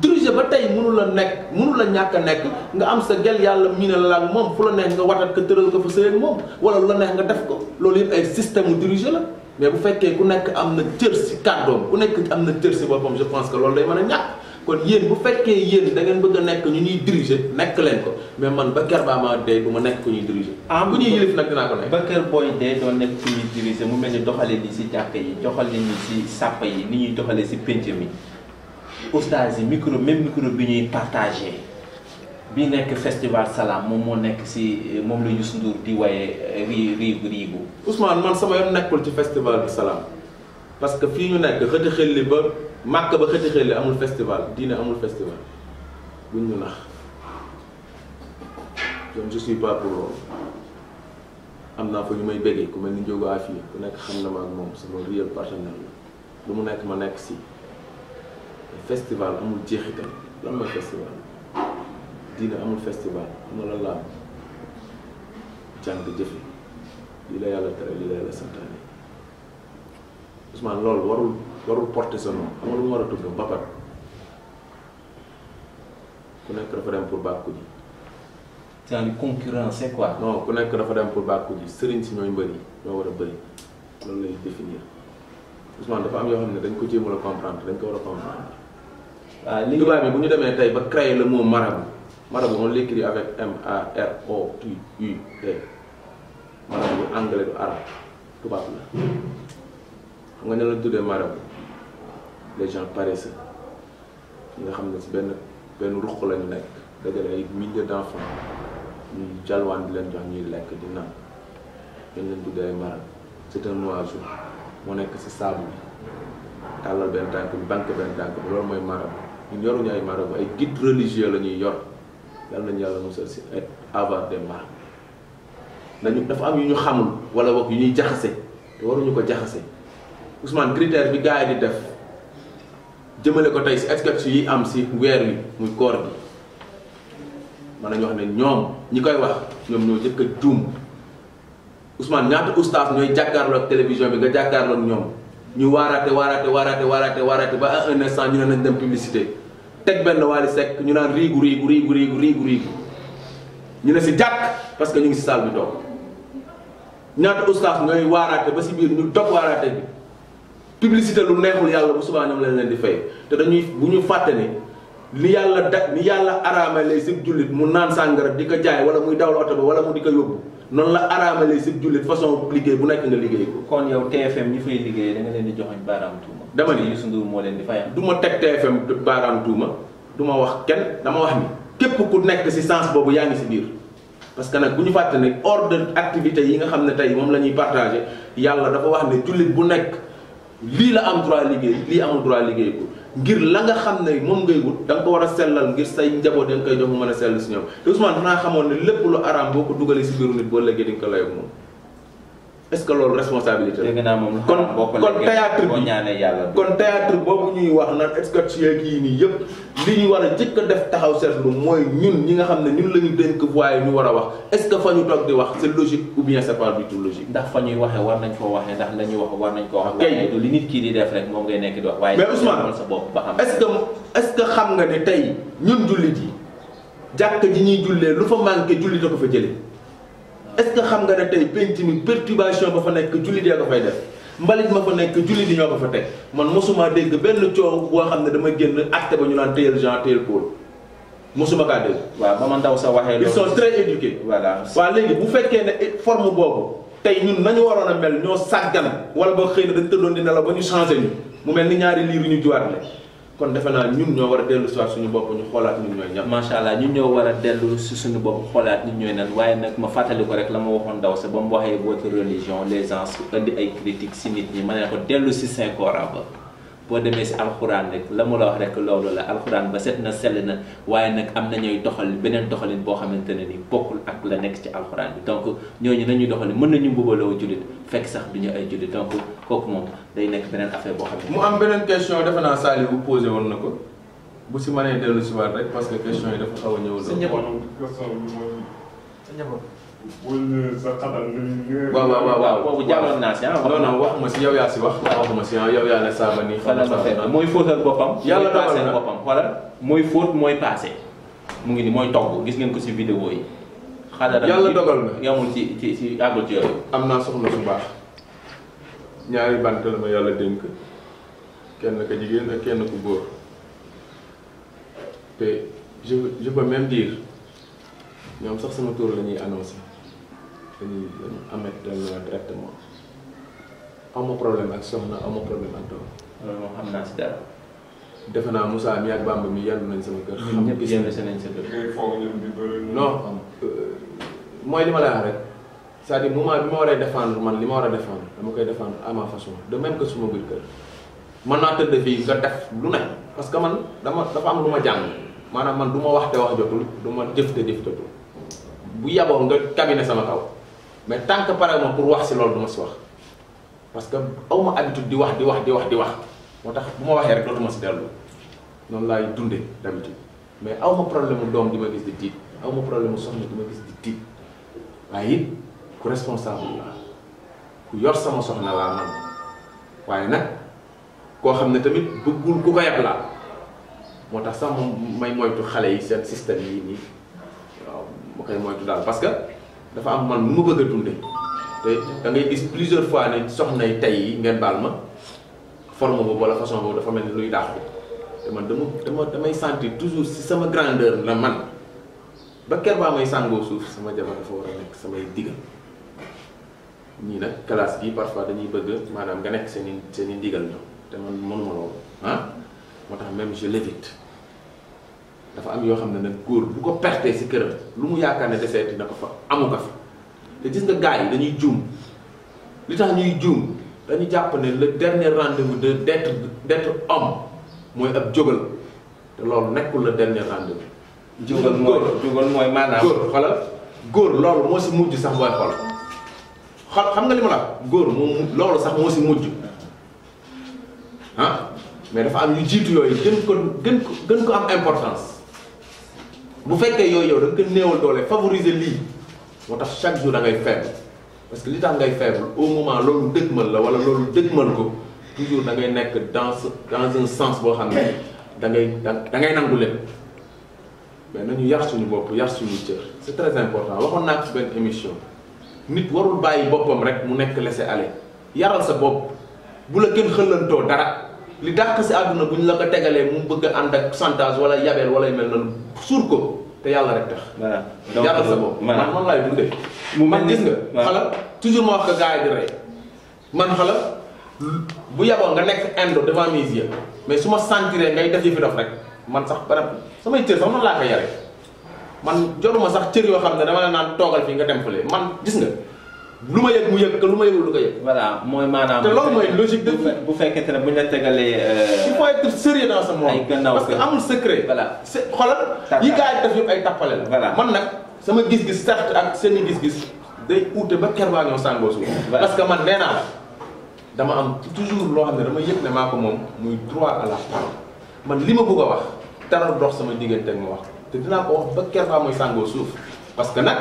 diriger ba tey mënu la nekk mënu la ñàkk nekk nga am sa gel yàlla miina la ak moom fu la neex nga watat ko tëral ko fa sëyeeg moom wala lu la neex nga def ko loolu yëpp ay système mu diriger la mais bu fekkee ku nekk am na cër si kàddoom ku nekk am na cër si boppam je pense que loolu day man a ñàkk kon yéen bu fekkee yéen da ngeen bëgg a nekk ñu ñuy diriger nekk leen ko mais man ba kër ba ma dee du ma nekk ku ñuy diriger. am ku ñuy yëlif nag dinaa ko nekk. ba kër booy dee doo mu mel ni doxale ni si jàkk yi doxale ni si sàpp yi ni ñuy doxale si pénc mi oustaz micro même micro bi ñuy partagé bi nek festival Salam moom moo nek si moom la Youssou Ndour di waye eh, ri ri riigu Ousmane man sama yoon nekul ci festival bi Salam parce que fii ñu nekk xëti xelli ba màkk ba xëti xelli amul festival diine amul festival buñ ñu nax donc je suis pas pour loolu fa ñu may béggee ku melni jogo afi ku nek xam na ma ak moom sama réel partenaire la lu mu nek ma nekk si festival amul jeexital lan mooy festival diina amul festival am na lan la am jàng jëfe lii la yàlla tere lii la yàlla santaane Ousmane loolu warul warul porter sa nom xam nga war a tudd mbapat ku nekk dafa dem pour bàkku ji. c'est concurrence c'est ku nekk dafa dem pour bàkku ji sëriñ si ñooy mbëri ñoo war a bëri loolu lay définir Ousmane dafa am yoo xam ne dañ ko jéem a comprendre dañ ko war a comprendre. waaw li tubaab bi bu ñu demee tey ba créer la moo marabout marabout on l'écrit avec M A R O T U T e. marabout anglais du arabe tubaab la xam nga ne la tuddee marabout les gens paresseux ñi nga xam ne si benn benn ruq lañu nekk dajale ay milliers d'enfants ñu jalwaan di leen jox ñuy lekk di naan dañ leen tuddee ay marabout c'est un oiseau moo nekk si saabu bi tàllal benn tànk bi banque benn tànk bi loolu mooy marabout ñun yoruñu ay marabu ay guide religieux la ñuy yor yàlla nañu yàlla musal si être avare des marques nañu dafa am yu ñu xamul wala wax yu ñuy jaxase te waruñu ko jaxase Ousmane critère bi gars yi di def jëmale ko tey si exception yi am si weer yi muy koor gi mën nañu wax ne ñoom ñi koy wax ñoom ñoo jëkk a juum Ousmane ñaata oustaz ñooy jàkkaarloo ak télévision bi nga jàkkaarloo ñoom. ñu waaraate waaraate waaraate waaraate waaraate ba à un instant ñu ne nañ dem publicité teg benn Wally Seck ñu naan riigu riigu riigu riigu riigu riigu ñu ne si jàkk parce que ñu ngi si salle bi toog ñaata ustaas ngay waaraate ba si biir ñu dog waaraate bi publicité lu neexul yàlla bu subaa ñoom lañ leen di fay te dañuy bu ñu fàtte ni li yàlla da li yàlla araamalee si jullit mu naan sàngara di ko jaay wala muy daw oto ba wala mu di ko yóbbu noonu la araamale si jullit façon liggéey bu nekk nga liggéey ko. kon yow TFM ñi fay liggéeyee da leen di joxoñ baaraam tuuma. dama ni Youssou moo leen di fay du ma teg TFM baaraam tuuma du ma wax kenn dama wax ni képp ku nekk si sens boobu yaa ngi si biir. parce que nag bu ñu fàtte ne ordre d'activité yi nga xam ne tey moom la ñuy partagé yàlla dafa wax ne jullit bu nekk. lii la am droit liggéey lii amul droit liggéey ko ngir la nga xam ne moom ngay wut da nga ko war a sellal ngir say njaboot da nga koy jox mu mën a sell si ñoom te Ousmane danaa xamoon ne lépp lu araam boo ko dugalee si biiru nit boo léegi di nga ko layoog moom est ce que loolu responsabilité la. dégg naa moom kon kon théâtre bi kon théâtre boobu ñuy wax naan est ce que ci kii nii yëpp li ñu war a jëkk a def taxaw seetlu mooy ñun ñi nga xam ne ñun la ñu dénk voix ñu war a wax est ce que fa ñu toog di wax c' est logique ou bien c' est pas du tout logique. ndax fa ñuy war nañ koo waxee ndax la wax war nañ koo wax. kay du li nit kii di def rek moom ngay nekk di wax. waaye mais Ousmane sa bopp ba xam. est ce que est ce que xam nga ne tey ñun jullit yi jàkk ji ñuy jullee lu fa manqué jullit ko fa jëlee est-ce que xam nga ne tey penc mi perturbation ba fa nekk jullit yaa ko fay def mbalit ma fa nekk jullit yi ñoo ko fa teg man mosuma dégg benn coow boo xam ne dama génn acte ba ñu naan téyel Jean téyel Paul mosuma kaa dégg. waaw Maman Ndao sa waxee. loolu ils sont très éduqués. voilà waaw léegi bu fekkee ne forme boobu tey ñun nañu waroon a mel ñoo sàggan wala ba xëy na dañ tëddoon di nelaw ba ñu changé ñu mu mel ni ñaari liir yu ñu juwaat kon nous na ñun ñoo wara a dellu suñu bopp ñu xolaat ñun ñoy ñan. macha ñun ñoo wara a On suñu bopp xolaat ñun ñoy ñan waye nak ma fatali ko rek la ma sa ça? On religion les gens indi ay critiques ci nit ñi mané ko déllu ci Saint Coran ba. boo demee si alxuraan rek la mu la wax rek loolu la alxuraan ba set na sell na waaye nag am na ñooy doxal beneen doxalin boo xamante ne ni bokkul ak la nekk ci alxuraan bi donc ñooñu nañuy doxali mën nañu mbubaloo jullit fekk sax du ñu ay jullit donc kooku moom day nekk beneen affaire boo xam ne. mu am beneen question defe naa Saliou bu posé woon na ko bu si mënee dellu si waat rek parce que question yi dafa xaw a ñëw. sa njaboot sa njaboot. waaw waaw waaw waaw boobu jàlloon naa si ah. non non waxuma si yow yaa si wax. waxuma si ah yow yaa ne saaba nii. xanaa saaba mooy fóotal boppam. yàlla dogal na boppam xoolal mooy fóot mooy paase. mu ngi ni mooy togg gis ngeen ko si vidéo yi. xanaa yàlla dogal na ci ci ci àggul am naa soxna su baax ñaari bant yàlla dénk kenn ka jigéen kenn ku góor te je je peux même dire ñoom sax sama tour la ñuy annoncé. dañuy dañu amet dañu directement awma problème ak soxna awma problème ak doom loolu xam naa si dara defe naa Moussa mi ak Bamba mi yàllu nañ sama kër xam ñëpp yàllu sa nañ sa kër non mooy li ma rek cest à moment bi ma waree défendre man défendre dama koy défendre à ma façon de même que suma kër nga def lu ne parce que man dama dafa am lu ma jàng man du wax te wax jotul du jëf te jëf jotul bu yaboo nga kabine sama kaw mais tant que seluruh moom pour wax si loolu du diwah diwah wax parce que aw ma habitude di wax di wax di wax di wax moo ma rek dootuma mais problème di ma gis di tiit aw ma problème soxna di ma gis di tiit waaye ku responsable laa ku yor sama soxna laa man waaye nag koo xam ne tamit bëggul ku ko yab laa moo tax may moytu xale yi seen système yi ya, ma moytu parce que dafa am man nu ma bëgg a dunde te da ngay gis plusieurs fois ne soxnay tey yi ngeen baal ma ma boobu wala façon boobu dafa mel ni luy daax dàqu te man dama dama damay sentir toujours si sama grandeur la man ba ker baa may sàngoo suuf sama jabar dafa war a nekk samay digal ñii nag classe gi parfois dañuy bëgg maanaam nga nekk seen i seen i digal ñoom te man mënuma loolu ah moo tax même je l'évite dafa am yoo xam ne nag góor bu ko pertee si këram lu mu yaakaar ne deseeti na ko fa amu ko fi te gis nga gars yi dañuy juum li tax ñuy juum dañu jàpp ne la dernier rendez de d' être d' être mooy ab jógal te loolu nekkul le dernier rendez-vous. jógal mooy jógal mooy maanaam góor xoolal góor loolu moo si mujj sax booy xool xool xam nga li ma la góor moom loolu sax moo si mujj ah mais dafa am yu jiitu yooyu gën ko gën ko gën ko am importance. bu fekkee yooyu yow da nga ko néewal doole favoriser lii moo tax chaque jour da ngay faible parce que li tax ngay faible au moment loolu dëgmal la wala loolu dëgmal ko toujours da ngay nekk dans dans un sens boo xam ne da ngay da ngay nangu leen mais nañu yar suñu bopp yar c'est très important waxoon n'a ci benn émission nit warul bàyyi boppam rek mu nekk laisser aller yaral sa bopp bu la kenn xëllantoo dara. li dàq si àdduna bu ñu la ko tegalee mu bëgg a ànd ak chantage wala yabeel wala yu mel noonu suur ko te yàlla rek tax. voilà yàlla sa bopp man man laay dundee. mu man gis nga. xala toujours ma wax ko gars yi di rey man xala bu yaboo nga nekk indo devant mes yeux mais su ma sentiree ngay def yëfi dof rek man sax barab samay cër sax man laa ko yare man jotuma sax cër yoo xam ne dama la naan toogal fii nga dem fële man gis nga. lu ma yëg mu yëg que lu ma yëgul lu ko yëg. mooy maanaam. te loolu de bu fekkee ne bu ñu la tegalee. Euh, il faut être sérieux dans ce monde. ay man nag sama gis-gis certes ak seen i gis-gis uute ba ker baa ñoo sàngoo suuf. parce que man nee naa dama am toujours loo xam ne dama yëg ne maa ko moom muy droit à man li ma bëgg a wax dara dox sama diggante ak ma wax te dinaa ko ba ker mooy sàngoo suuf parce que nag.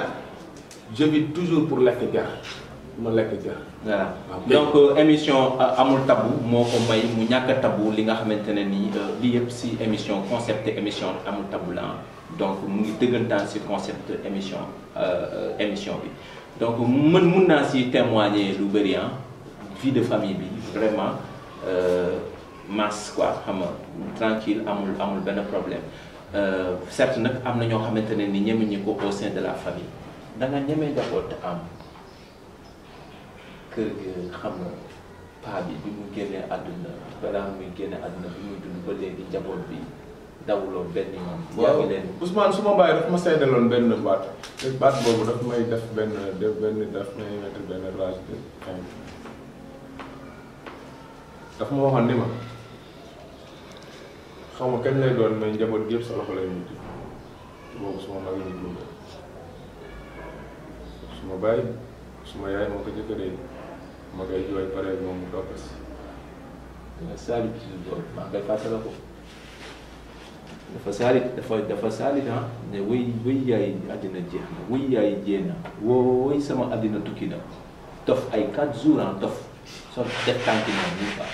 je vis toujours pour lekk jar ma lekk ah, donc euh, émission euh, amul tabu moo ko may mu ñàkk tabu li nga xamante ne nii euh, li yëpp si émission concept émission amul Tabou. donc mu ngi dans ce concept émission émission bi donc mën mun naa si témoigner lu hein. vie de famille bi vraiment masse quoi Tranquille, nga tranquille amul amul benn problème certes nag am na ñoo ni ko au sein de la famille. da nga ñemee njaboot te am kër gi xam nga paa bi bi mu génnee àdduna balaa muy génne àdduna bi muy dund ba léegi njaboot bi dawuloo benn yoon. waaw Ousmane su ma bàyyi daf ma seedaloon benn baat te baat boobu daf may def benn def benn daf may benn rage daf ma waxoon ni ma xaw ma kañ lay doon mais njaboot gi yëpp sa lay mujj boobu su ma mag ñu dund. suma baay suma yaay moo ko jëkk ma koy jooy pare moom mu topp si saalit loolu maa ngay fàttala ko dafa saalit dafa dafa saalit ah ne wëy wëy yaay àddina jeex na wëy yaay jee na wooy sama àddina tukki na dof ay quatre jours ah dof soo def tànki na ñu fa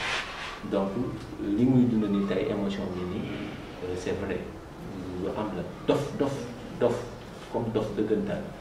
donc li muy dund ni tey émotion bi nii c'est lu am la dof dof dof comme dof dëggantaan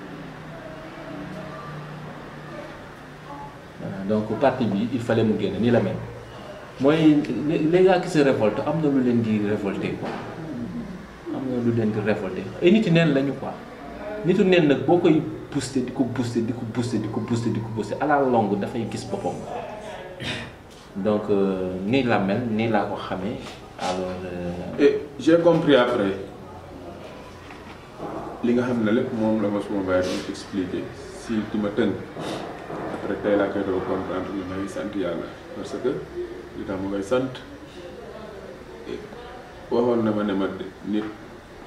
donc parti il fallait que je la les gars qui se révoltent ils ne lu pas révolter ils révolter pas. ils lañu quoi ils booster booster ils booster révoltent booster ne à la longue donc euh, ni la mel ni la alors. Euh, j'ai compris après si di ma tënk après tey laa koy doo comprendre ne may sant yàlla parce que li tax ma koy sant waxoon na ma ne ma nit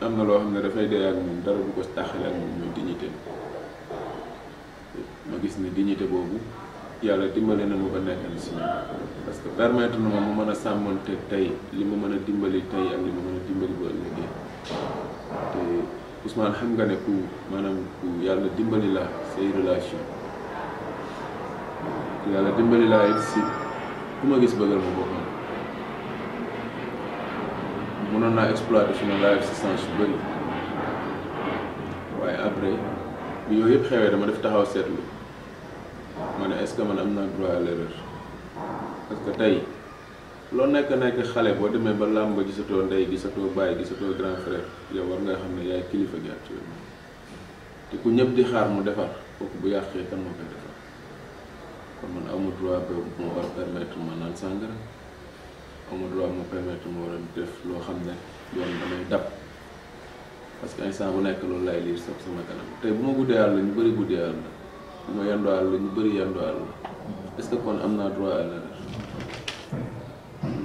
am na loo xam ne dafay dee ak moom dara bu ko taxale ak moom mooy dignité ma gis ni dignité boobu yàlla dimbale na ma ko nekkal si parce que permettre na ma ma mën a sàmmante tey li ma mën a dimbali tey ak li mu mën a dimbali bu ëllëgee Ousmane xam nga ne ku maanaam ku yàlla dimbali la say relation yàlla dimbali laa it si ku ma gis bëggal ma boppam mënoon naa exploiter suma life si sens bëri waaye après bi yooyu yëpp xewee dama def taxaw seetlu ma ne est-ce man am naa droit à parce que tey loolu nekk nekk xale boo demee ba làmb gisatoo ndey gisatoo bàyyi gisatoo grand frère yow war nga xam ne yaay kilifa gi actuellement te ku ñëpp di xaar mu defar kooku bu yàqee kan moo koy defar kon man amu droit boobu moo war ma naan sàngara amu droit mu permettre ma war def loo xam ne yoon damay dab parce que instant bu nekk loolu lay liir sax sama kanam tey bu ma guddee àll ñu bari guddee àll bu ma yendoo àll ñu bëri yendoo àll est kon am naa droit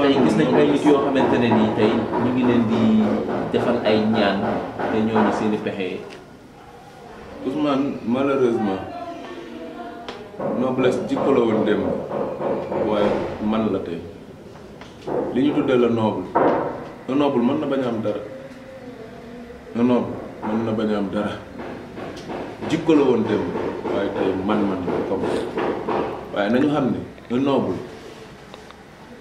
tey gis nañ ay nit yoo xamante ne tey ñu ngi leen di defal ay ñaan te ñooñu seen i pexe. Ousmane malheureusement noblesse jikko la woon démb waaye man la tey li ñu tuddee la noble un noble mën na bañ a am dara un noble mën na bañ dara jikko la woon démb waaye tey man-man la comme waaye nañu xam ne noble.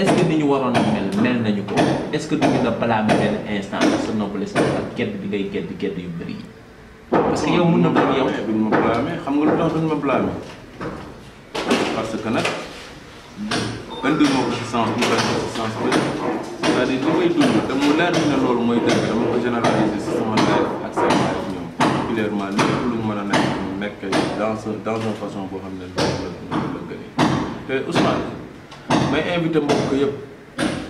est ni ñu waroon a mel mel nañu ko est-ce que duñu la blâmer instant ak sa noblesse ak gedd bi ngay gedd gedd yu bëri parce que yow mun na bëgg yow. duñ ma blâmer xam nga lu tax duñ ma blâmer parce que nag indi ma ko si sens mu bëri ko si sens bëri c'est-à-dire li may dund te mu mën a nekk nekk dans dans une façon boo xam ne loolu la gën a te Ousmane. may invité mbokk yëpp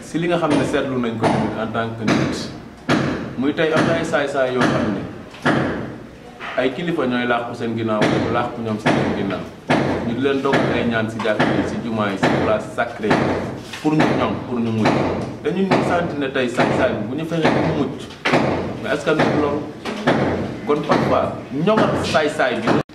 si li nga xam ne seetlu nañ ko ñun en tant que nit muy tey am na ay saay-saay yoo xam ne ay kilifa ñooy làqu seen ginnaaw làqu ñoom seen ginnaaw ñu di leen dogg ay ñaan si jàkk yi jumaa yi si place sacré pour ñu ñoom pour ñu mucc dañu ñu sant ne tey saay-saay bi bu ñu fexee bu mucc mais est-ce que loolu kon parfois ñoŋal saay-saay bi.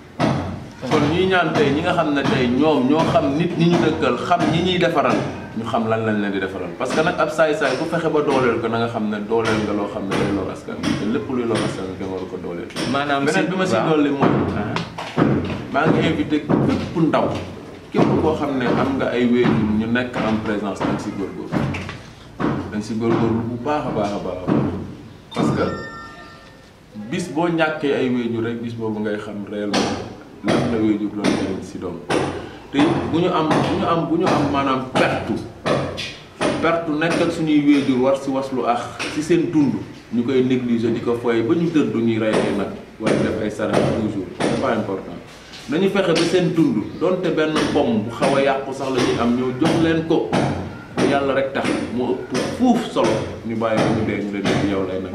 kon ñi ñaan tay ñi nga xam ne tey ñoom ñoo xam nit ñi ñu dëkkal xam ñi ñuy defaral ñu xam lan lañ leen di defaral parce que nag ab saay saay ku dolar ba dooleel ko na nga xam na dooleel nga loo xam ne day lor askan te lépp luy lor askan nga war ko dooleel maanaam beneen bi ma si dolli mooy ah. maa ngi invité képp ndaw képp koo xam am nga ay wéeru ñu nekk en présence dañ si góorgóor dañ si góorgóorlu bu baax a baax parce que bis boo ñàkkee ay wéeju rek bis boobu ngay xam réellement la la ngay jublu njëriñ si doom te bu am bu am bu am manam pertu pertu nekk ak suñuy wéejur war si waslu ax si sen dund ñu koy négliger di ko foye ba ñu dëdd ñuy rayee nag wala def ay sarax toujours c'est pas important nañu fexe ba seen dund donte benn pomm bu xaw a sax la ñuy am ñoo jox leen ko yàlla rek tax mu ëpp fuuf solo ñu bàyyi ñu dee ñu leen yow lay nag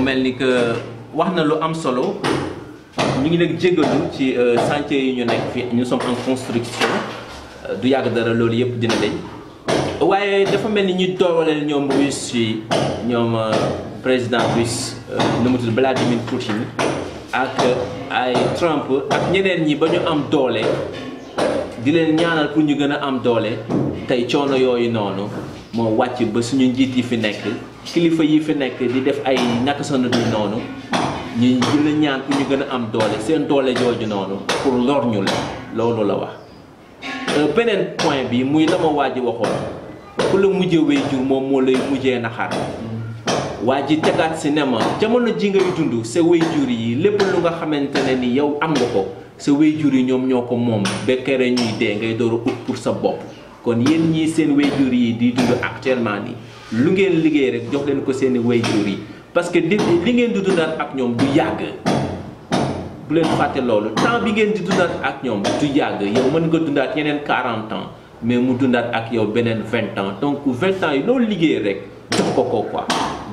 mel ni que wax na lu am solo ñu ngi nekk jégalu ci euh, chantier yi ñu nekk fii ñu sommes en construction euh, du yàgg dara loolu yëpp dina deñ waaye dafa mel ni ñu dooleel ñoom russe yi ñoom euh, président russe nu mu tudd Vladimir Poutine ak ay Trump ak ñeneen ñi ba ñu am doole di leen ñaanal pour ñu gën a am doole tey coono yooyu noonu moo wàcc ba suñu njiit yi fi nekk kilifa yi fi nekk di def ay naka sa dul noonu ñu gën a ñaan ku ñu gën a am doole seen doole jooju noonu pour lor ñu la loolu la wax. Euh, beneen point bi muy la ma waa ji waxoon ku la mujjee wéy moom moo lay mujjee naxar waa ji tegaat si ne ma jamono ji ngay dund sa wéy jur yi lépp lu nga xamante ne ni yow am nga ko sa wéy yi ñoom ñoo ko moom ba kere ñuy dee ngay door ut pour sa bopp kon yéen ñi seen wéy yi di dund actuellement nii. lu ngeen liggéey rek jox leen ko seeni i waajur yi parce que di li ngeen di dundaat ak ñoom du yàgg bu leen fàtte loolu temps bi ngeen di dundaat ak ñoom du yàgg yow mën nga dundaat yeneen 40 ans mais mu dundaat ak yow beneen 20 ans donc 20 ans yi loolu liggéey rek jox ko ko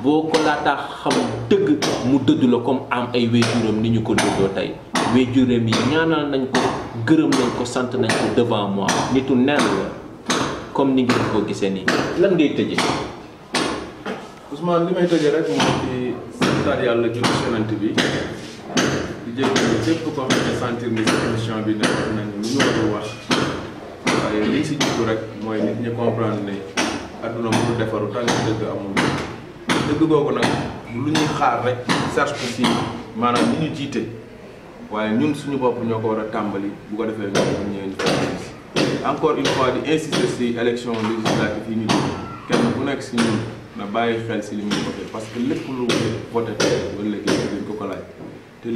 boo ko laataa xam dëgg mu dëdd la comme am ay waajuram ni ñu ko dëddoo tey waajuram yi ñaanal nañ ko gërëm nañ ko sant nañ ko devant moi nitu neen la comme ni ngeen gisee nii lan ngay Ousmane li may tëjee rek moo di santaat yàlla julli sonant bi di jégalu képp koo xam ne sentir ni émission bi nekk nañu lu ñu wax waaye liñ si jiitu rek mooy nit ñi comprendre ne adduna mënu defaru tànk dëgg amul dëgg googu nag lu ñuy xaar rek cherche ko si maanaam ñi ñu jiite waaye ñun suñu bopp ñoo ko war a tàmbali bu ko defee ñoom ñëwee ñu koy encore une fois di insister si élection législative yi ñu kenn ku nekk si ñun. na bàyyi xel si li muy voté parce que lépp lu voté tey wala léegi dañ ko te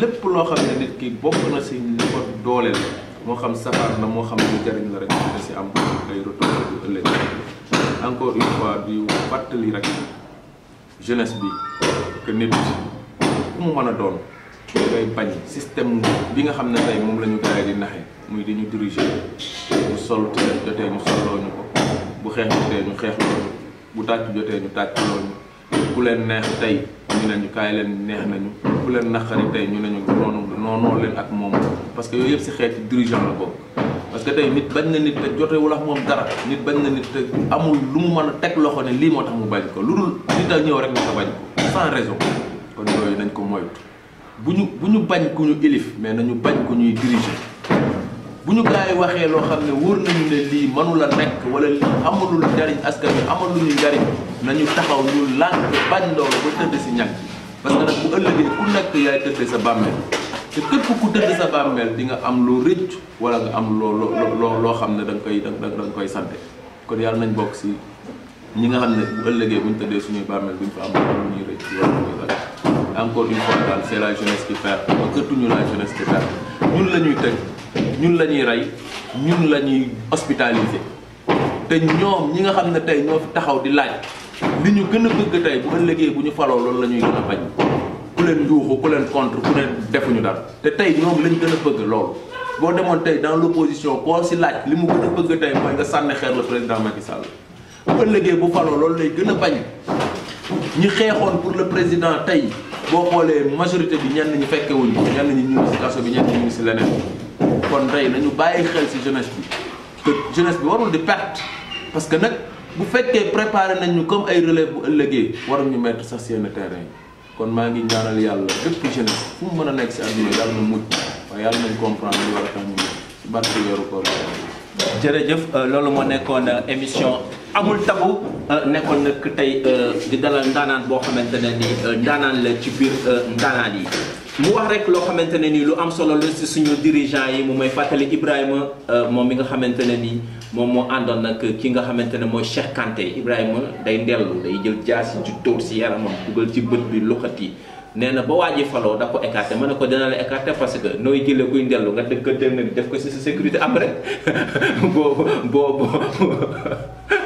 lépp loo xam ne nit ki bokk na si li ko dooleel moo xam safar na moo xam lu jariñ la rek da si am ay retour bu ëllëg encore une fois di fàttali rek jeunesse bi que nit ku mu mën a doon ngay bañ système bi nga xam ne tey moom la ñu yi di naxe muy di ñu diriger mu sol te jotee ñu solloo ñu ko bu xeex jotee ñu xeex loolu bu tàcc jotee ñu tàcc loolu ku leen neex tey ñu ne ñu kaay leen neex nañu ku leen naqari tey ñu ne ñu noonu noonu leen ak moom parce que yooyu yëpp si xeeti dirigeant la boobu. parce que tey nit bañ na nit te jotewul ak moom dara nit bañ na nit te amul lu mu mën a teg loxo ne lii moo tax mu bañ ko lu dul nit a ñëw rek nga ko bañ ko sans raison kon yooyu nañ ko moytu bu ñu bu ñu bañ ku ñu ilif mais na ñu bañ ku ñuy diriger. bu ñu gaay waxee loo xam ne wóor nañu ne lii mënu la nekk wala lii amalul njariñ askan bi amalul njariñ nañu taxaw ñu lànk bañ loolu ba tëdd si ñag parce que nag bu ëllëgee ku yaay sa te ku sa di nga am loo rëcc wala nga am loo loo loo xam ne da nga koy da nga koy sante kon yàlla nañ bokk si ñi nga xam bu ëllëgee bu ñu tëddee suñuy bàmmeel fa am lu ñuy rëcc wala ñuy rëcc encore une fois c'est la jeunesse qui perd la jeunesse qui perd ñun ñun la ñuy rey ñun la ñuy hospitalisé te ñoom ñi nga xam ne tey ñoo fi taxaw di laaj li ñu gën a bëgg tey bu ëllëgee bu ñu faloo loolu la ñuy gën a leen yuuxu ku leen contre ku leen defuñu dara te tey ñoom lañ gën a bëgg boo demoon tey dans l'opposition koo si laaj li mu gën bëgg tey mooy nga sànni xeer le président Macky Sall bu ëllëgee bu faloo loolu lay gën a bañ ñi xeexoon pour le président tey boo xoolee majorité bi ñenn ñi fekkewuñ ñenn ñi ñu ngi si kaso bi ñenn ñu ngi si leneen kon tey nañu bàyyi xel ci jeunesse bi te jeunesse bi warul di perte parce que nag bu fekkee préparé nañ ñu comme ay relève bu ëllëgee waruñu mettre sax yenn terrain yi kon maa ngi ñaanal yàlla bépp jeunesse fu mu mën a nekk ci àdduna yàlla na mujj waaye yàlla nañ comprendre li war a tax ñu ci barke weeru koor euh, loolu moo nekkoon euh, émission amul tabu euh, nekkoon nag tey di dalal ndaanaan boo xamante ne ni ndaanaan la ci biir ndaanaan yi mu wax rek loo xamante ne nii lu am solo la si suñu dirigeant yi mu mooy fàttali Ibrahima euh, moom mi nga xamante ne nii moom moo àndoon nag ki nga xamante ne mooy Cheikh Kanté Ibrahima day ndellu day jël jaas si tóor si yaramam dugal ci bët bi luxat yi nee na ba waa ji faloo da ko écarté ma ne ko dina la écarté parce que nooy jëlee kuy ndellu nga dëgg ko dégg def ko si sa sécurité après boo boobu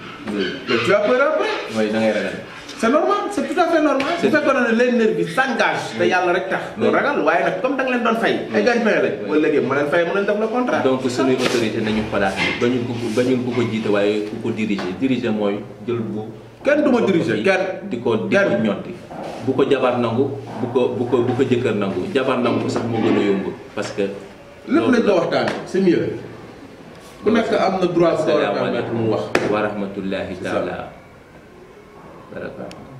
mais tu as peur après. oui da ngay ragal. c' est normal c' tout à fait normal. c' est bu fekkoon ne bi s' engage yàlla rek tax. loolu ragal waaye nag comme da leen doon fay. ay gaañ fay lañ. wala léegi ma leen fay ma suñuy autorité nañu xalaat bañu ko bañu ko jiite waaye ku ko diriger diriger mooy jël bu. kenn du ma diriger kenn di ko di ko ñotti. bu ko jabar nangu bu ko bu ko bu ko jëkkër nangu jabar nangu sax moo gën a yomb parce que. loolu lépp lañ ko waxtaan c' est mieux. ku nekk am na droit. salaamaaleykum wa rahmatullahi taala barakaatu